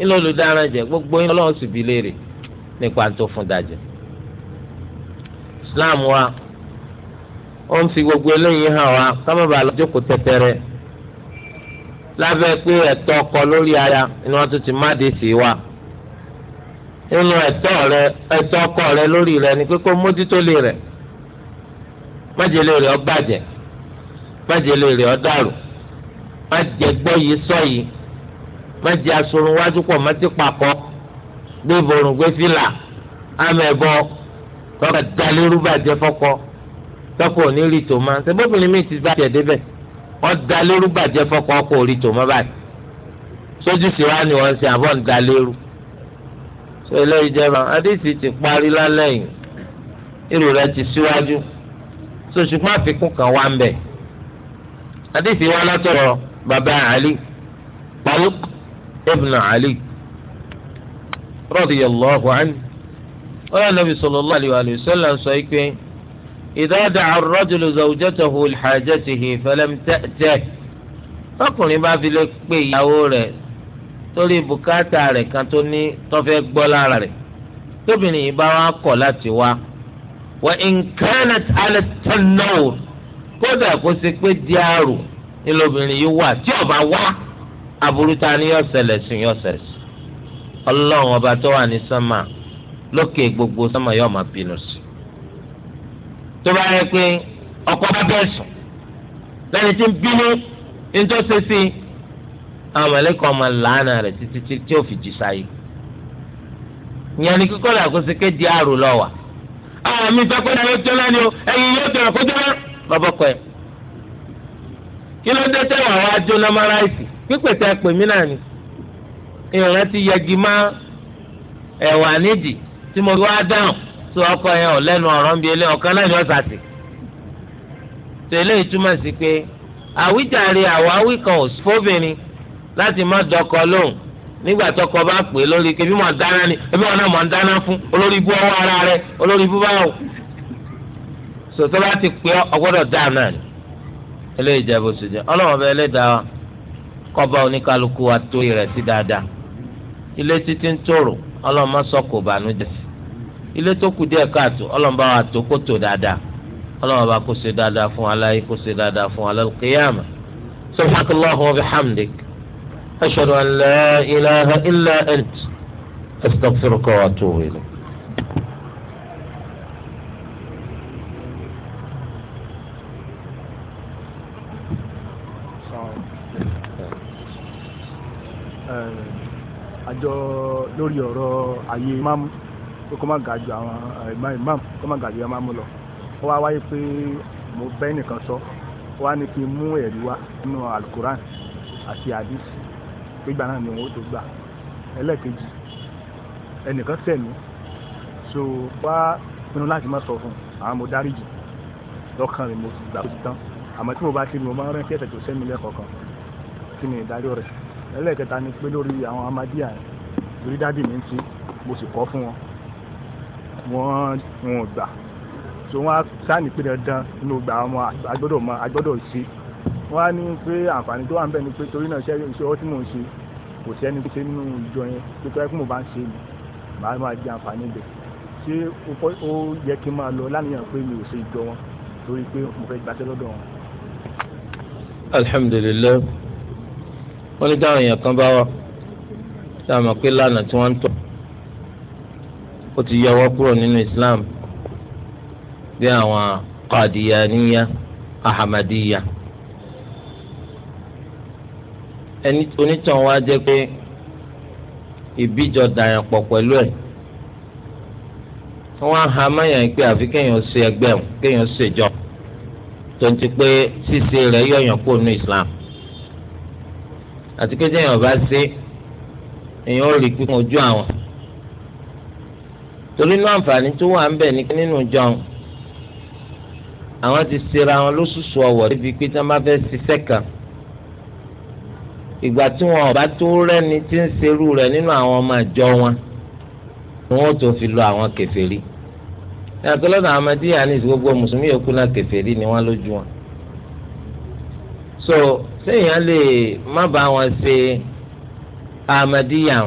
ńlọ olùdaràn jẹ gbogbo yín Ọlọ́run sì bi léèrè nípa tó fún Islam wa ó ń fi gbogbo eléyìí hàn wá kámẹ́bà lọ́jọ́kọ̀ tẹ́tẹ́rẹ́ lábẹ́ pé ẹ̀tọ́ ọkọ lórí aya ni wọ́n ti má dé sí wa nínú ẹ̀tọ́ rẹ ẹ̀tọ́ ọkọ rẹ lórí rẹ ni pé mójútó lè rẹ májèlé rẹ ó bàjẹ́ májèlé rẹ ó dàrú májẹgbọ́ yìí sọ má jẹ́ asorun wájú pọ̀ má ti pàkọ́ gbé borùn gbé fìlà amẹ̀bọ tọ́ka dalérú bàjẹ́ fọ́kọ tọ́kọ ò ní rí tòmá sẹ́bọ́bìnrin mi ti bá tiẹ̀ débẹ̀ wọ́n dalérú bàjẹ́ fọ́kọ ọkọ ò rí tòmá báyìí sójú sí wa ni wọ́n ṣe àbọ̀ ń dalérú sọ eléyìí jẹba adéṣì ti parí lálẹ́ yìí irú rẹ̀ ti síwájú sọ àfikún kan wá ń bẹ̀ adéṣì wa látọ̀rọ̀ bàbá àlì pàlùkù ibn ali radiyallahu anhu ọlọ́run nàbì sallallahu alayhi wa sallam sọ pé idha da'a ar-rajulu zawjatahu li-hajatihi falam ta'tihi tọkùnrin bá fi lè pe ìyàwó rẹ̀ torí bùkátà rẹ̀ kan tó ní tọ́fẹ́ gbọ́ lára rẹ̀ tóbìnrin yìí bá wá kọ̀ láti wá wa in kanat ala tanawur kódà kó ṣe pé díàrò ni lóbìnrin yìí wà tí ó bá wá aburú ta ni yọ ṣẹlẹ̀ sí yọ ṣẹlẹ̀ sí ọlọ́run ọba tó wà ní sánmà lókè gbogbo sánmà yọ máa bínú sí tó bá yẹ pé ọkọ bá bẹ́ẹ̀ sùn lẹ́ni tí ń bínú nítòsí sí àwọn mọ̀lẹ́kọ̀ ọmọ làánà rẹ̀ títí tí ó fi jí sáyé ìyẹn ni kíkọ́ làkó sí kéde àrò lọ́wà àwọn mi fẹ́ pẹ́lú ẹ̀yọ́ jọ́lá ni o ẹ̀yin yóò tẹ̀lé kó jọ́lá lọ́bọ̀kọ̀ ẹ̀ kí ló dé tẹ́wọ̀ àwọn ajó námárà pípèsè ẹpèmí náà ni ìrìn ti yẹgi má ẹwà nídìí tí mo wá dáhùn tó ọkọ yẹn ò lẹ́nu ọ̀rọ̀ ń bi ilé ọ̀kan náà ni ọ̀sà sí. tẹ́lẹ̀ ìtumọ̀ sí pé àwíjàre àwáwí kan ò fóbìnrin láti má dọkọ lóhùn nígbà tọkọ bá pè é lórí kébí mọ̀ dáná ni ẹbí wọn náà mọ̀ ń dáná fún olórí ibú ọwọ́ ara rẹ olórí ibú báwò. sọ̀tọ́ bá ti pè ọ́ ọgbọ́dọ̀ dáa náà ni. eléyìí jẹ́ bó ṣe jẹ́ ọlọ́wọ́n bẹ́ẹ̀ lé dáa kọba oníkálukú wa tó rẹ̀ sí dáadáa ilé títí ń tòrò ọlọmọ sọkò bànújẹ́ sí ilé tó kù díẹ̀ káàtó ọlọmọba wa tó kó tó dáadáa ọlọmọba kó ṣe dáadáa fún aláyé kó ṣe dáadáa fún al-qiyama subhanakallahu wa bihamdik ashhadu an la ilaha illa ant astaghfiruka wa atubu ilayk. jọ lórí ọ̀rọ̀ àyè ìmáàmù pé kó má ga ju àwọn ìmáàmù eh, kó má ga ju ìmáàmù lọ ó wá wáyé pé mo bẹ́ nìkan sọ ó wá ní kí n mú ẹ̀rí wá nínú alukuran àti hadith gbígbà náà ni wọn ó tó gbà ẹlẹ́ẹ̀kejì ẹnìkan ṣẹ̀ mí so wá pinnu láti má sọ fún àwọn mo dáríjì lọ́kàn rẹ̀ mo sì gbà tó tán àmọ́ tí mo bá ṣe ni mo máa ń rántí ẹ̀ṣẹ̀ tó ṣẹ̀ mí lẹ́kọ̀ọ̀kan kí ni ìdájọ́ rẹ̀ ẹlẹ́ẹ̀kẹta ni pé lórí àwọn amadíà yẹn torí dádì mi ń ti mo sì kọ́ fún wọn wọ́n wọn ò gbà so wọ́n á sáàní pé dandan inú gbà ọmọ agbọ́dọ̀ mọ agbọ́dọ̀ ṣe wọ́n á ní pé àǹfààní tó wà ń bẹ̀ ni pé torí náà iṣẹ́ ọwọ́ mò ń ṣe kò sí ẹni tó nínú ìjọ yẹn pé tó yẹ kí mo bá ń ṣe ni màá máa jẹ àǹfààní ibẹ̀ ṣé ó yẹ kí n máa lọ láníyàn pé mi ò ṣe ìjọ wọn torí pé mo fẹ́ gbaṣẹ́ lọ́dọ̀ wọn. alhamdulilayi wọ́n ní táwọn èèyàn kan bá wa sáàmù pé lánàá tí wọ́n ń tọ́ ó ti yọwọ́ kúrò nínú Islam bí àwọn Qadiyaniya Ahmadiyya ẹni onítàn wa jẹ́ pé ìbíjọ dàyàn pọ̀ pẹ̀lú ẹ̀ wọ́n á ha mẹ́yàn pé àfi kéèyàn ṣe ẹgbẹ́ wọn kéèyàn ṣèjọ tó ń ti pé ṣíṣe rẹ̀ yọ̀yàn kúrò ní Islam àti kéèyàn bá ṣe èèyàn ò rí pé wọn ojú àwọn torí inú àǹfààní tó wà ń bẹ̀ ní nínú jọun àwọn ti ṣera wọn lóṣooṣù ọwọ́ débi pé tí wọ́n bá fẹ́ ṣiṣẹ́ kan ìgbà tí wọn ọba tó rẹ́ni tí ń ṣerú rẹ̀ nínú àwọn ọmọ àjọ wọn ni wọ́n tó fi lọ àwọn kèfèrí yàtọ̀ lọ́dọ̀ Ahmadiyya ní gbogbo mùsùlùmí yòókù náà kèfèrí ni wọ́n lójú wọn so séèyàn lè má bá wọn ṣe. Se amadiya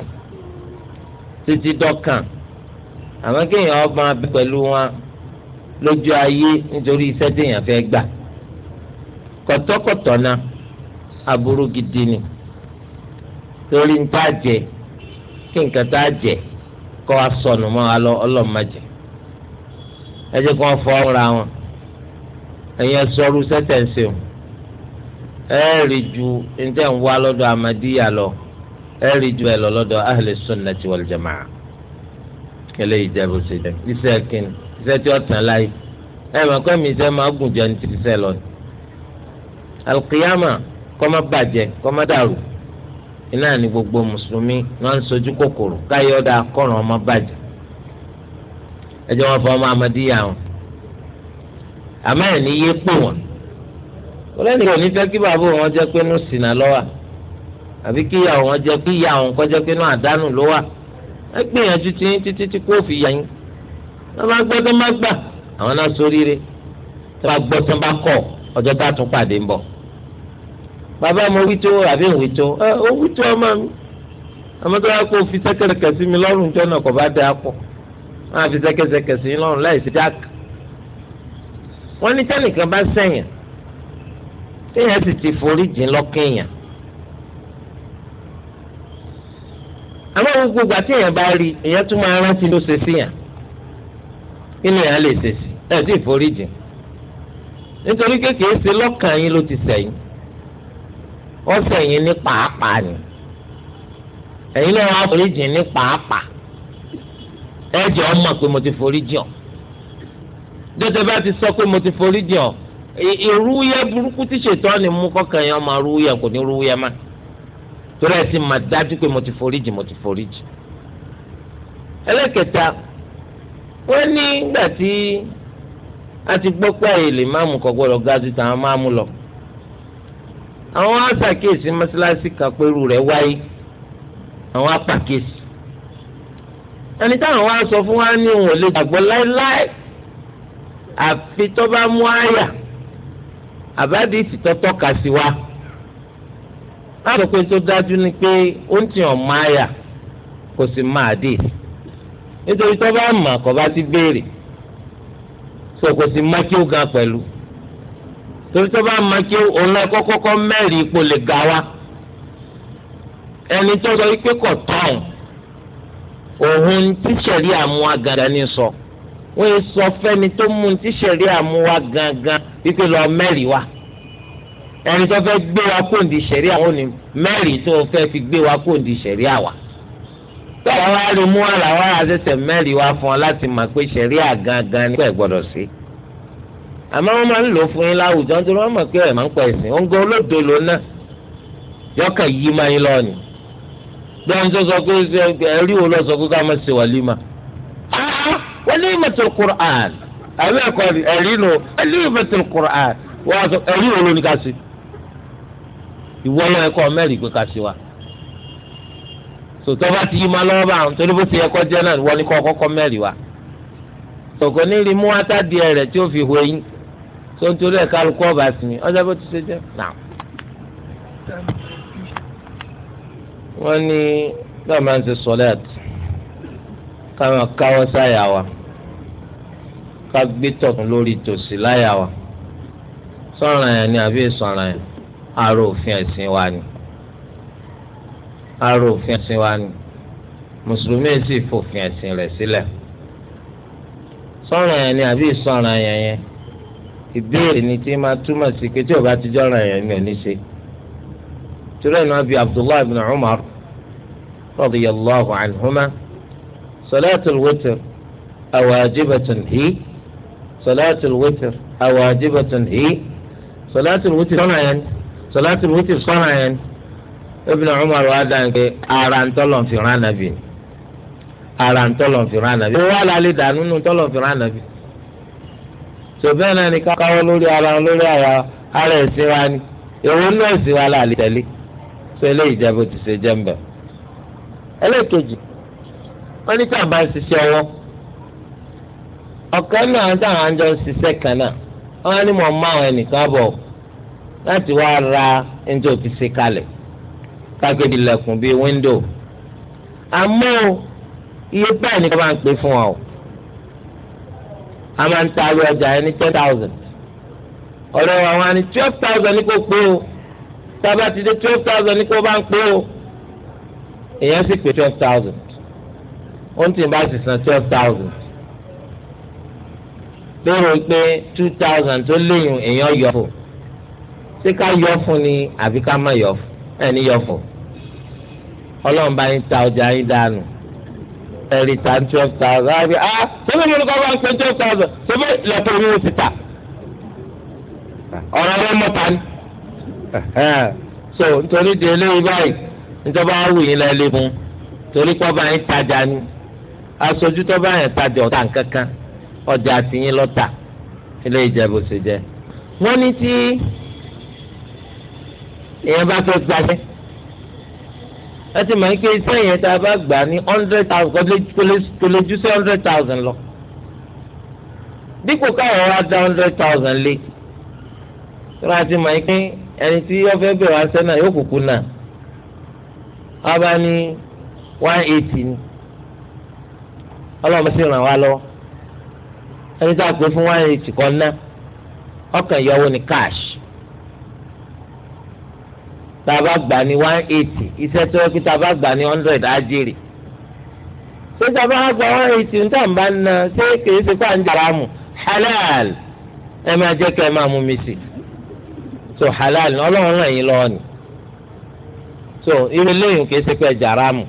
títí dọ́kàn àmọ́ kéèyàn ọba abẹ́ pẹ̀lú wọn lójú ayé nítorí iṣẹ́ téèyàn fẹ́ gbà kọ̀tọ́kọ̀tọ̀ náà aburú gidi ni torí jẹ kí nǹkan jẹ kọ́ wa sọnù mọ́ alọ́ ọlọ́mọdé ẹ jẹ́ kí wọ́n fọ́ ọ́nra wọn ẹ̀yin ẹ̀sọ́rú sẹ́tẹ̀ǹsì ju ní tẹ̀ ń ẹ̀rí ju ẹ̀ lọ lọ́dọ̀ jamaa kẹlẹ́ ìjẹ́bù sí jẹ́ iṣẹ́ kínní iṣẹ́ tí ó tàn láyé ẹ̀ mọ̀ kọ́ mi iṣẹ́ máa gùn jẹ́ ní ti iṣẹ́ lọ. alqiyama kọ́ má bàjẹ́ kọ́ má dàrú iná ni gbogbo mùsùlùmí wọn ń sojú kòkòrò káyọ̀ dá kọ́ràn bàjẹ́ wọn fọ ọmọ wọn àmọ́ ẹ̀ ní yé pò wọn. olóyìn kò ní fẹ́ kí bàbá jẹ́ pé àbí kíyàwó wọn jẹ kíyàwó wọn kọjá pé náà àdánù ló wà ẹ gbìyànjú tí títí tí kò fi yà yín tó bá gbọ́ tó má gbà àwọn náà ṣoríire tó bá gbọ́ tó bá kọ̀ ọjọ́ tá a tún pàdé ń bọ̀. bàbá mo wí tó àbí òwì tó ẹ ó wí tó ọmọ mi àmọ́ tó bá kó fi sẹ́kẹ̀rẹ̀kẹ̀ sí mi lọ́rùn tó náà kò bá dẹ́ akọ máa fi sẹ́kẹ̀sẹ̀kẹ̀ sí mi lọ́rùn láì sí wọ́n àmọ́ gbogbo ìgbà tí èèyàn bá rí èèyàn tún máa rántí ló ṣe sí yàn kí ni èèyàn lè ṣe sí ẹ̀ sì foríjì nítorí kékeré ṣe lọ́kàn yín ló ti sẹ̀yìn wọ́n sẹ̀yìn ní pàápàá ni ẹ̀yin náà wọ́n foríjì ní pàápàá ẹ jẹ́ ọ pé mo ti foríjì ọ́ dọ́tẹ́ bá ti sọ pé mo ti foríjì ọ́ ìrúyẹ burúkú ni mú kọ́kàn torí ẹ ti mà dájú pé mo ti foríjì mo ti foríjì. ẹlẹ́kẹta wọ́n ní nígbà tí a ti gbọ́ pé èlé máàmù kò gbọ́dọ̀ ga ju tàwọn máàmù lọ. àwọn aṣàkíyèsí mọ́ṣáláṣí kan pẹ̀lú rẹ̀ wáyé àwọn apàkíyèsí. ẹni táwọn wá sọ fún wa ní òun ò lè gbàgbọ́ láéláé àfi tó bá mú àyà àbádìí ìfìtọ́tọ́ kà sí wa láti pé tó dájú ni pé ó ń tì ọ́ máa yà kò sì máa dé nítorí tó bá mà kó bá ti béèrè so kò sì má kí ó gan pẹ̀lú torí tó bá má kí òun lọ kọ́kọ́kọ́ mẹ́rin ipò lè ga wa ẹni tó sọ wípé kò tán òun tíṣẹ̀rí àmúwa gangan ní sọ wọ́n sọ fẹ́ni tó mú tíṣẹ̀rí àmúwa gangan wípé lọ mẹ́rin wa. So, ẹni tó fẹ́ gbé wa kó ndi sẹ̀rí àwọn ni mẹ́rin tó fẹ́ fi gbé wa kó ndi sẹ̀rí àwa tó àwa rí mú àlà wa àṣẹṣẹ mẹ́rin wa fún ọ láti mọ̀ pé sẹ̀rí àgangan ni pẹ̀ gbọ́dọ̀ sí àmọ́ wọ́n máa ń lò fún yín láwùjọ nítorí wọ́n mọ̀ pé ẹ̀ máa ń pẹ̀ sìn ó ń gbọ́ olódo ló náà yọkà yí máa yín lọ́ọ̀nì gbọ́n tó sọ pé ẹ̀rí wo lọ sọ pé ká máa ṣe wàlímà wàlímàtul Qur'an àbẹ́ ẹ̀kọ́ ẹ̀rí nù wàlímàtul sọ ẹ̀rí wo ló ní ká sí i ìwọ lọ ẹkọ mẹ́rin pé ká ṣe wa sòtọ́ bá ti yí ma lọ́wọ́ bá àwọn torí bó ti ẹkọ jẹ́ náà wọ́n ní kọ́ kọ́kọ́ mẹ́rin wa sòkò ní rí mú atádìẹ rẹ̀ tí ó fi hu eyín tó ń torí ẹ̀ka lukọ́ ọba sí mi ọjọ́ bó ti ṣe jẹ́ náà. wọ́n ní báwo máa ń ṣe sọ́lẹ́ẹ̀tì ká máa káwọ́ sáyà wa ká gbé tọ̀tún lórí tòsí láyà wa sọ̀ràn yẹn ni àbí sọ̀ràn yẹn ara òfin ẹ̀sìn wa ni ara òfin ẹ̀sìn wa ni mùsùlùmí sì fòfin ẹ̀sìn rẹ̀ sílẹ̀ sọ̀ràn yẹn ni àbí ìsọ̀ràn yẹn yẹn ìbéèrè ni tí máa túmọ̀ sí pé tí o bá ti jọ̀ràn yẹn ni ò ní ṣe torí ẹ̀nà bíi Abdullahi bin Umar radiyallahu anhuma salatul witr awajibatun hi salatul witr awajibatun hi salatul witr sọ̀ràn yẹn ni. sọláàtì wítìrì sọ́nà yẹn Ibn Umar wà dáhùn pé ara ara ń tọ́lọ̀ ànábì owó dànù ànábì ara lórí ara ara ẹ̀sìn wa ni èwo náà ẹ̀sìn wa là lè tẹ̀lé eléyìí jẹ́ bó ti ṣe jẹ́ ń ẹlẹ́kejì wọ́n ní tá à bá ń ṣiṣẹ́ ọwọ́ ọ̀kan náà táwọn àjọ ń ṣiṣẹ́ kan náà wọ́n á ní mọ̀ máa láti wá ra ẹni tó ti ṣe kalẹ̀ kágédì lẹ̀kùn bíi wíńdò àmọ́ iye báyìí ni ká máa ń pè fún wa o a máa ń taari ọjà ẹni ten thousand ọ̀rẹ́ wa wá twelve thousand ní kò pé o tábà ti dé twelve thousand ní kò bá ń pé o èèyàn sì pé twelve thousand ó ń tì bá sì san twelve thousand lérò pé two thousand tó léyìn èèyàn yọ fún un ṣé ká yọ fún ni àbí ká má yọ fún ẹ ní yọ fún ọlọ́run bá yín ta ọjà yín dànù ẹ̀rì ta twelve thousand ah sọ́bẹ̀ mi ló kọ́ bá ń pè twelve thousand sọ́bẹ̀ lẹ́tọ̀ mi ò ti ta ọ̀rọ̀ rẹ mọ̀ ta so nítorí di eléyìí báyìí níjọba awù yín lẹ́ẹ́ lé fún torí kọ́ bá yín tajà ni aṣojú tó bá yẹn tajà ọ̀tá nǹkankan ọjà àtìyín lọ́ta ilé ìjẹ́bù ṣe jẹ́ wọ́n ní tí èèyàn bá fẹ́ gbaṣẹ́ láti mọ̀ pé iṣẹ́ yẹn tá a bá gbà ní hundred thousand kò lè ju sí hundred thousand lọ dípò káwọn wá dá hundred thousand lé tó láti mọ̀ pé ẹni tí wọ́n fẹ́ bẹ̀rẹ̀ aṣẹ́ náà yóò kúkú náà wọ́n bá ní one eighty ni ọlọ́run sì ràn wá lọ́wọ́ ẹni tá a pè fún one eighty kan náà ọkàn ìyàwó ni cash tá a bá gbà ní one eighty iṣẹ́ tó yẹ kí tá a bá gbà ní hundred á jèrè ṣé tá a bá gbà one eighty níta ń bá na ṣé kìí ṣe fáwọn jàrá mu halal ẹ máa jẹ́ kẹ́ ẹ máa mú mi sí so halal ọlọ́run ràn yín lọ́wọ́ ni so irú lóyún kìí ṣe pé jàrá mu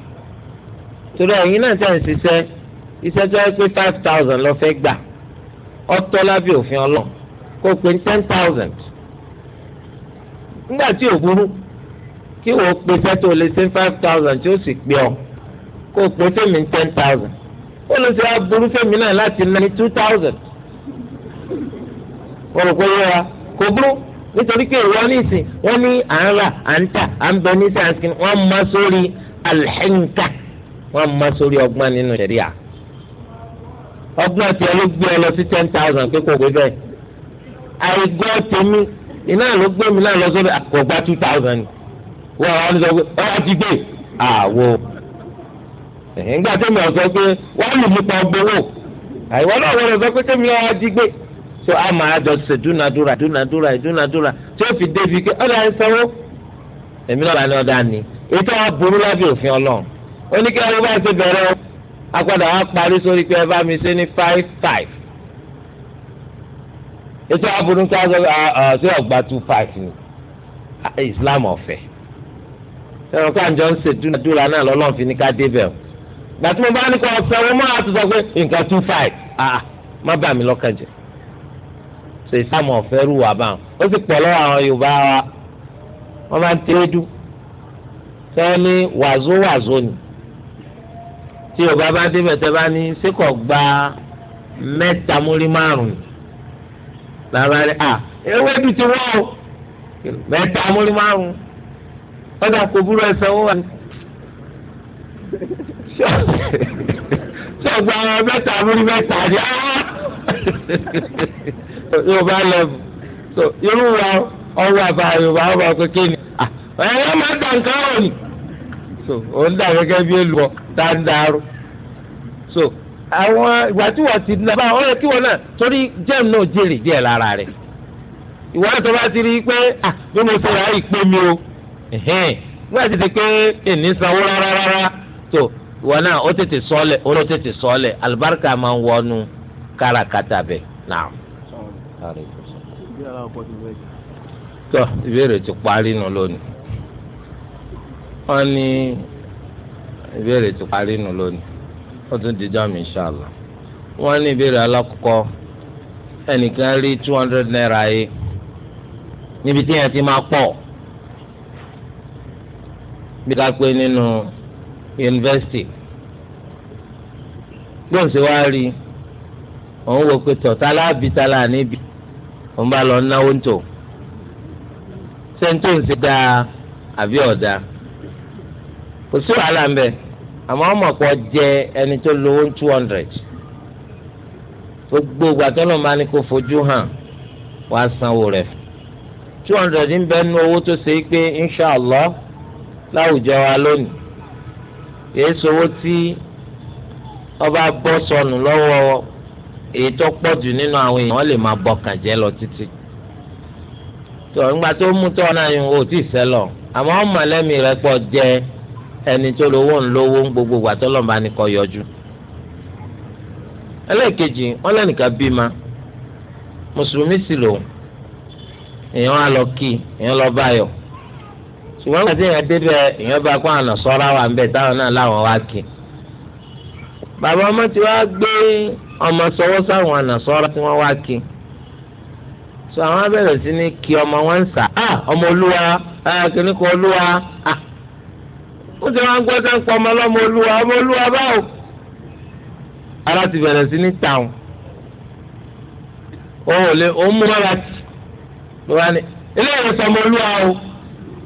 torí ẹ̀yin náà tẹ̀ ń ṣiṣẹ́ iṣẹ́ tó yẹ pé five thousand lọ fẹ́ gbà ọtọ́ lábẹ́ òfin ọlọ́run kó pé ten thousand nígbà tí ò burú kí wọ́n pe sẹ́tò lè ṣe five thousand tí ó sì pé ọ kó o pe fẹ́mi ten thousand ó lọ sí aburú fẹ́mi náà láti ná ní two thousand wọ́n rò pé yẹra kò burú nítorí pé ìwọ ní ìsìn wọ́n ní à ń rà à ń tà à ń bẹ ní sàǹsìn wọ́n má sórí alhẹ́ńkà wọ́n má sórí ọgbọ́n nínú ṣẹ̀ríà ọgbọ́n tiẹ̀ ló gbé ọ lọ sí ten thousand pé kò gbé bẹ́ẹ̀ àìgbọ́ tèmi iná ló gbé mi náà lọ sórí àkọ́gbá two thousand wọ́n àwọn ọ̀nà sọ pé ọ̀rọ̀ ti gbé àwo. nígbà tí mi ò sọ pé wọ́n lù mí pa gbowó àìwọ́ náà wọ́n sọ pé kémi ọ̀rọ̀ ti gbé tó a máa jọ ṣe dúnadúrà dúnadúrà dúnadúrà tí ó fi débi pé ọ̀dà ń sanwó èmi náà ní ọ̀dà ni ètò àbúrú lábẹ́ òfin ọlọ́run ó ní kí ẹni bá ṣe bẹ̀rẹ̀ agbada wa parí sórí pé ẹ bá mi ṣe ní five five ètò àbúrú ń ká ṣe ọgbà two five ah, Islam ọ̀fẹ́ ẹ̀rọ ká njọ́ ń ṣèdúnadúrà náà lọ́lọ́run fi ní ká débẹ̀ o gbàtí mo bá ní kọ́ ọ̀sẹ̀ wọn máa tún sọ pé nǹkan two five ah, ah má bà mí lọ́kàn jẹ́ ṣe ìsámọ̀ ọ̀fẹ́ rù wá báwọn ó sì pọ̀ lọ́wọ́ àwọn Yorùbá wa wọ́n máa ń tẹ́jú tẹ́ ní wàzó wàzó ni tí Yorùbá bá débẹ̀ tẹ́ bá ní sékọ̀ gba mẹ́ta múrí márùn-ún làbárí ah ewédú ti wọ́ mẹ́ta múrí márùn-ún ọ̀dà kò burú ẹsẹ̀ owó wa ni. ṣọ́ọ̀bù àwọn mẹ́ta lórí mẹ́ta ni yorùbá ah! lẹ́bù so yorùbá ọwọ́ àbá yorùbá ọba kékeré ni ah! ẹ̀yọ́ máa dà nǹkan ọ̀ ni so òun dà gẹ́gẹ́ bí èlùbọ́ tá a ń darú so àwọn ìgbà tí wọ́n ti nàbà ọ yẹ kí wọ́n náà torí jẹ́m náà jèrè díẹ̀ lára rẹ̀ ìwọ́n àtọ́ bá ti rí i pé ah bí mo ṣe rà á yìí pé mi o. gbọ́dọ̀ ti di pé ìní sanwó rárá tó wọn náà ó tètè sọ́ọ̀lẹ̀ ó ló tètè alibarika máa ń wọnú kárakáta bẹ̀ náà. tó ìbéèrè ti parí nù lónìí ní ìbéèrè ti parí nù lónìí naira yìí níbi tí yẹn ti bí ká pé nínú yunifásitì gbọ̀nsẹ̀ wá rí òun wò pé tọ̀tà láàbí tá là níbi òun bá lọ náwó ń tò sẹ́ńtò ń ṣe dáa àbí ọ̀dà kò sí wàhálà ń bẹ àmọ́ ọmọ kan jẹ ẹni tó lówó two hundred gbogbo gbàtọ́nà máa ní kó fojú hàn wàá sanwó rẹ̀ two hundred ń nu owó tó ṣe é pé inshàlá. láwùjọ wa lónìí kìí sowó tí ọba bọ́ sọnù lọ́wọ́ èyí tó pọ̀ jù nínú àwọn èèyàn wọ́n lè máa bọkàn jẹ́ lọ títí tó ńgbà tó mú tọ́ náà yìí ò tí sẹ́lọ̀ àmọ́ mọ̀lẹ́mì rẹ̀ pọ̀ jẹ́ ẹni tó lówó ńlówó ń gbogbo ìgbà tọ́lọ́mùbá ni kọ́ yọjú ẹlẹ́ẹ̀kejì wọ́n lẹ́nìkan bímọ mùsùlùmí sì lò èèyàn á lọ kí èèyàn lọ báyọ̀ ìwọ́n gbà téèyàn débẹ̀ èèyàn bá kó àná sọ́ra wà ń náà láwọn wá kí. ọmọ tí wàá gbé ọmọ sọwọ́ sáwọn àná sọ́ra tí wọ́n wá kí. sọ àwọn abẹ́rẹ́ sí ni kí ọmọ wọn ń sà á ọmọ olúwa kìnnì kan olúwa ó ti wọn gbọ́ ọmọ ọlọ́mọ olúwa ọmọ olúwa ara ti bẹ̀rẹ̀ sí ní wọn o.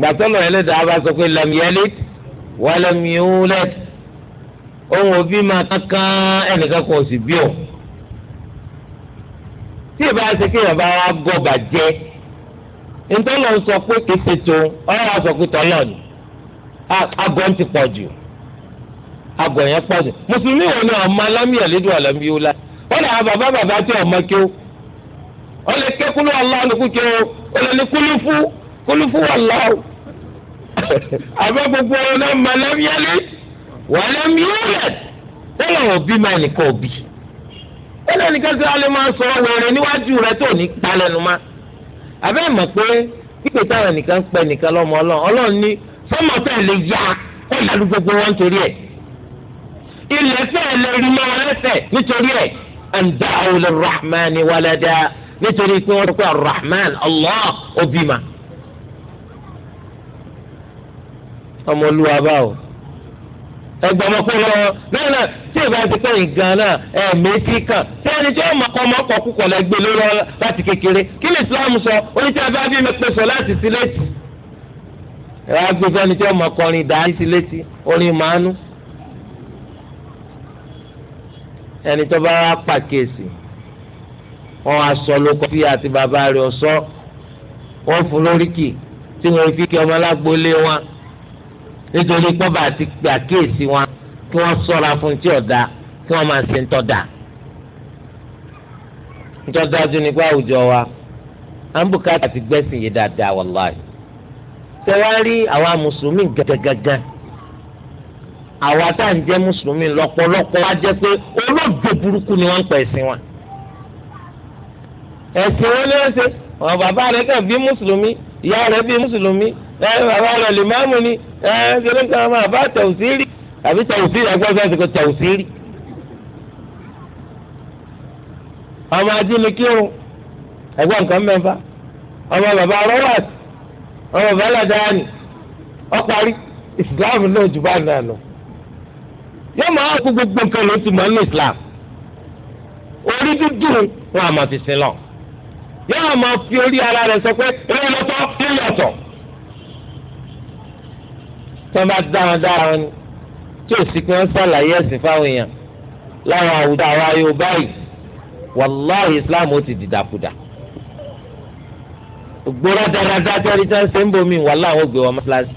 gbàtọ́lọ̀ ẹlẹ́dàá bá sọ pé lam yalid wa lam yulad òun òbí máa kankan ẹnìkan kan sì bí ọ. tí ìbá ṣe kí ìyàbá wa gọ bàjẹ́ ntọ́lọ̀ ń sọ pé kìí ṣe tó ọ̀rọ̀ wa sọ pé tọ́lọ̀ ni agọ̀ ń ti pọ̀ jù agọ̀ yẹn pọ̀ jù mùsùlùmí wo ni ọmọ lam yalid wa lam yulad wọ́n lè ha bàbá bàbá tí ọmọ kí ó ọ lè kékulú ọlọ́ọ̀nù kúkẹ́ ó lè ní kúlú fún kólúfù wà láwù àbẹ́ gbogbo ọ̀rọ̀ náà mà lámìálé wà lámìálé wọ́n làwọn òbí máa nìkan òbí wọ́n làwọn nìkan tí wọ́n lè máa sọ wẹ̀rẹ̀ níwájú rẹ̀ tó ní palẹ̀nu má àbẹ́ mọ̀ pé pípé táwọn nìkan pẹ́ nìkan lọ́mọ ọlọ́run ọlọ́run ní sọ́mọ lè yá kó lálù gbogbo wọn torí ẹ̀ ilẹ̀ fẹ́ lè rí mọ́ wọn lẹ́sẹ̀ nítorí ẹ̀ ẹ̀ńdà àwọn rahman walada nítorí pé wọ́n sọ pé rahman allah òbí máa. ọmọ olúwa o ẹgbẹ́ ọmọ kó lọ náà náà tí ìgbà ti pẹ́ nǹkan náà ẹ̀mí ti kàn tí ẹni tí wọ́n mọ̀kọ́ mọ́kọ́ kúkọ̀ lọ gbé lóró láti kékeré kí ni Islam sọ oníṣẹ́ abẹ́ abí mi pèsè láti sí létí ẹ̀ wá gbé sẹ́ni tí wọ́n mọ̀kọ́ orin dàá sí létí orin màánú ẹni tó bá wá pàkíyèsí wọn aṣọ ló kọ fí àti bàbá rẹ̀ ọ̀ṣọ́ wọn fún lóríkì tí wọn fi kí ọmọ alágbólé wọn nítorí kọ́ba àti pé àkíyèsí wọn kí wọ́n sọ́ra fún tí ọ̀dà kí wọ́n máa ṣe ń tọ́da. ntọ́dájú nípa àwùjọ wa à ń bùkátà ti gbẹ́sìn yìí dáadáa wàláì. tẹ́wárí àwa mùsùlùmí gẹ́gẹ́gẹ́gẹ́ àwa tá à ń jẹ́ mùsùlùmí lọ́pọ̀lọpọ̀ wá jẹ́ pé olóògbé burúkú ni wọ́n ń pẹ̀ ẹ̀sìn wọn. ẹ̀sìn wọn ni wọ́n ṣe ọ̀rọ̀ bàbá rẹ̀ kàn bí mùsùlùmí ìyá rẹ̀ bí mùsùlùmí ẹ bàbá rẹ̀ lè má mú ni ẹ ṣẹlẹ̀ ń kàn máa bá tẹ̀wùsírì àbí tẹ̀wùsírì agbọ́dọ̀ ti kọ tẹ̀wùsírì. ọmọ ajínigbéhùn ẹgbẹ́ nǹkan mẹ́fà ọmọ bàbá rọ́wàs ọmọ bàbá ládàáni ọparí islam náà jù bá nà lọ. yóò máa kú gbogbo nǹkan ló ti mọ̀ ní islam orí dúdú wọn àmọ̀ fi sin lọ́wọ́ yóò máa fi orí ara rẹ̀ sọ pé eré lọ́tọ̀ eré lọ́tọ̀ tí wọ́n bá dáhùn dáhùn ni tí ò sí pé wọ́n ṣàlàyé ẹ̀sìn fáwọn èèyàn láwọn àwùjọ àwa Yorùbá yìí wàláhì Islam ó ti dìdàkudà gbóra dáradára tẹ́lẹ̀ tí wọ́n ṣe ń bomi wàláhì ó gbé wọn mọ́ṣáláṣí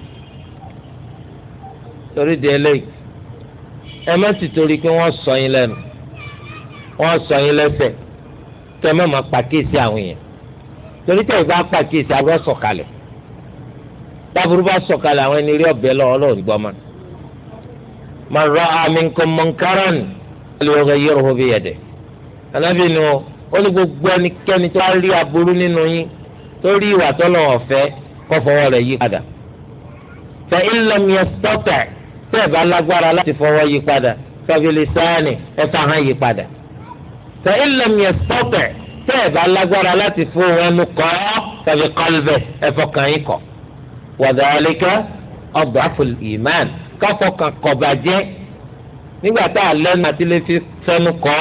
torí di eléyìí ẹ má sì torí pé wọ́n sọ yín lẹ́nu wọ́n sọ yín lẹ́sẹ̀ẹ́ kẹ́ mọ́ máa pàkíyèsí àwọn èèyàn torí tẹ̀ ìgbà pàkíyèsí àwọn sọ̀kalẹ̀ táburú bá sọ̀kalẹ̀ àwọn ẹni rí ọ̀bẹ lọ́wọ́ lọ́wọ́ ìgbọ́ ma ma rọ àmì nǹkan mọ̀nkárán lóore yẹ̀rọ hóbi yẹ̀dẹ̀ alábìnrin o ó ní gbogbo ẹnikẹ́ni tó bá rí aburú nínú yín tó rí ìwà tọ́lọ̀ ọ̀fẹ́ kọ́ fọwọ́ rẹ̀ yí padà fẹ́ ìlọmi ẹ̀sítọ́tẹ̀ tẹ́ẹ̀ bá lágbára láti fọwọ́ yí padà fẹ́ fi lè sáà ní ẹ̀fà hàn yí padà fa illam yastati' tẹ́ ẹ̀ bá lágbára láti fún ẹnu kọ́ tàbí kọ́lbẹ̀ ẹ̀fọ́kàn yín kọ́ wa dhalika ad'aful iman káfọ́kàn kọ̀bàjẹ́ nígbà tá a lẹ́nu àti lè fi fẹ́nu kọ́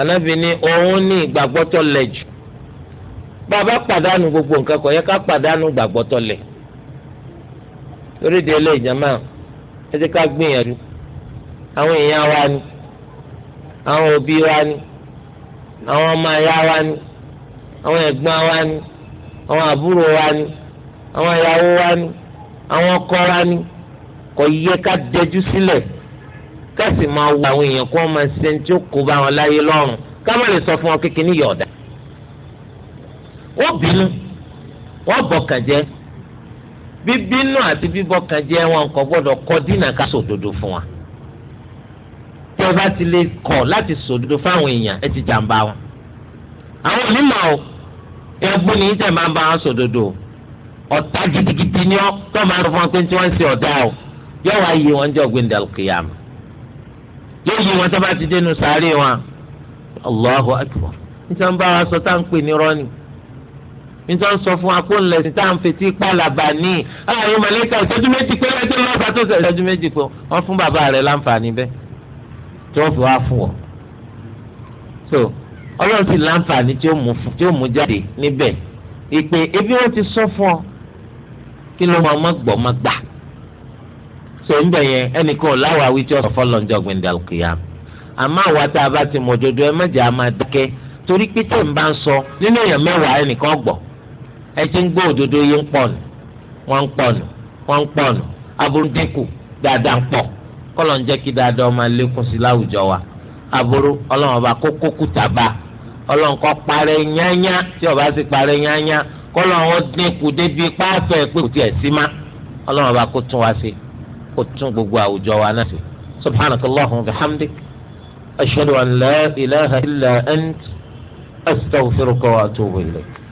anábì ní òun ní ìgbàgbọ́ tó lẹ̀ jù bàbá pàdánù gbogbo nǹkan kọ̀ yẹ ká pàdánù ìgbàgbọ́ lẹ̀ torí ẹlẹ́yìn jama ẹ ti ká gbìyànjú àwọn èèyàn wa ni àwọn òbí wa ni. àwọn ọmọ ẹ̀yà wa ni àwọn ẹ̀gbọ́n wa ni àwọn àbúrò wa ni àwọn ìyàwó wa ni àwọn ọkọ wa ni kò yẹ ká dẹjú sílẹ̀ ká sì máa wo àwọn èèyàn kó máa ṣe ní tí ó kó bá wọn láyé lọ́rùn ká má lè sọ fún wọn kékeré yọ̀ ọ̀dà. wọ́n bínú wọ́n bọ̀kàn jẹ́ bíbínú àti bíbọ̀kàn jẹ́ wọn kò gbọ́dọ̀ kọ́ dínà ká sòdodo fún wa. tí ọba ti lè kọ̀ láti sòdodo fáwọn èèyàn ẹ ti jàǹbá wọn. àwọn onímọ̀ o ẹbú ni ìtẹ̀ máa ń bá wọn sòdodo ọ̀tá gidigidi ni ọ́ tó máa rọ fún wọn pé tí wọ́n ń ṣe ọ̀dá o yóò wá yí wọn jẹ́ ọ̀gbìn dàlùkìyàmù yóò yí wọn tó bá ti dénú sáré wọn Allahu akbar níta ń bá wa sọ tá à ń pè ní rọ́ọ̀nì níta ń sọ fún wa kó ńlẹ̀sìn tá à ń fetí pàlàbà ní àwọn mọ̀lẹ́kà ìṣẹ́jú méjì pé ẹjọ́ lọ́ba tó ṣe ìṣẹ́jú méjì pé wọ́n fún bàbá rẹ̀ láǹfààní bẹ́ẹ̀. tí wọ́n fi so ọlọ́run sì láǹfààní tí ó jáde níbẹ̀ ìpè ebi ti sọ fún ọ kí ló máa má gbọ́ má gbà. so níbẹ̀ yẹn ẹnìkan láwa wí tí ó sọ fọlọ́ ní ọgbìn dàlùkìyà àmọ́ àwa tá a bá ti mọ òdodo ẹ mẹ́jẹ̀ á máa dákẹ́ torí pé tẹ̀ ń bá ń sọ nínú èèyàn mẹ́wàá ẹnìkan gbọ́ ẹ ti ń gbọ́ òdodo yìí ń wọ́n kọ́lọ̀ ń jẹ́ kí dáadáa ọmọ lékún sí láwùjọ wa aburú ọlọ́run ọba kó kókúta bá ọlọ́run kọ́ parẹ́ yányá tí ọba sì parẹ́ yányá kọ́lọ̀ wọn dínkù débi pàṣẹ pé kò tiẹ̀ sí má ọlọ́run ọba kó tún wa sí kó tún gbogbo àwùjọ wa náà sí subhanakallahumma wa bihamdik ashhadu an la ilaha illa ant astaghfiruka wa atubu ilayk.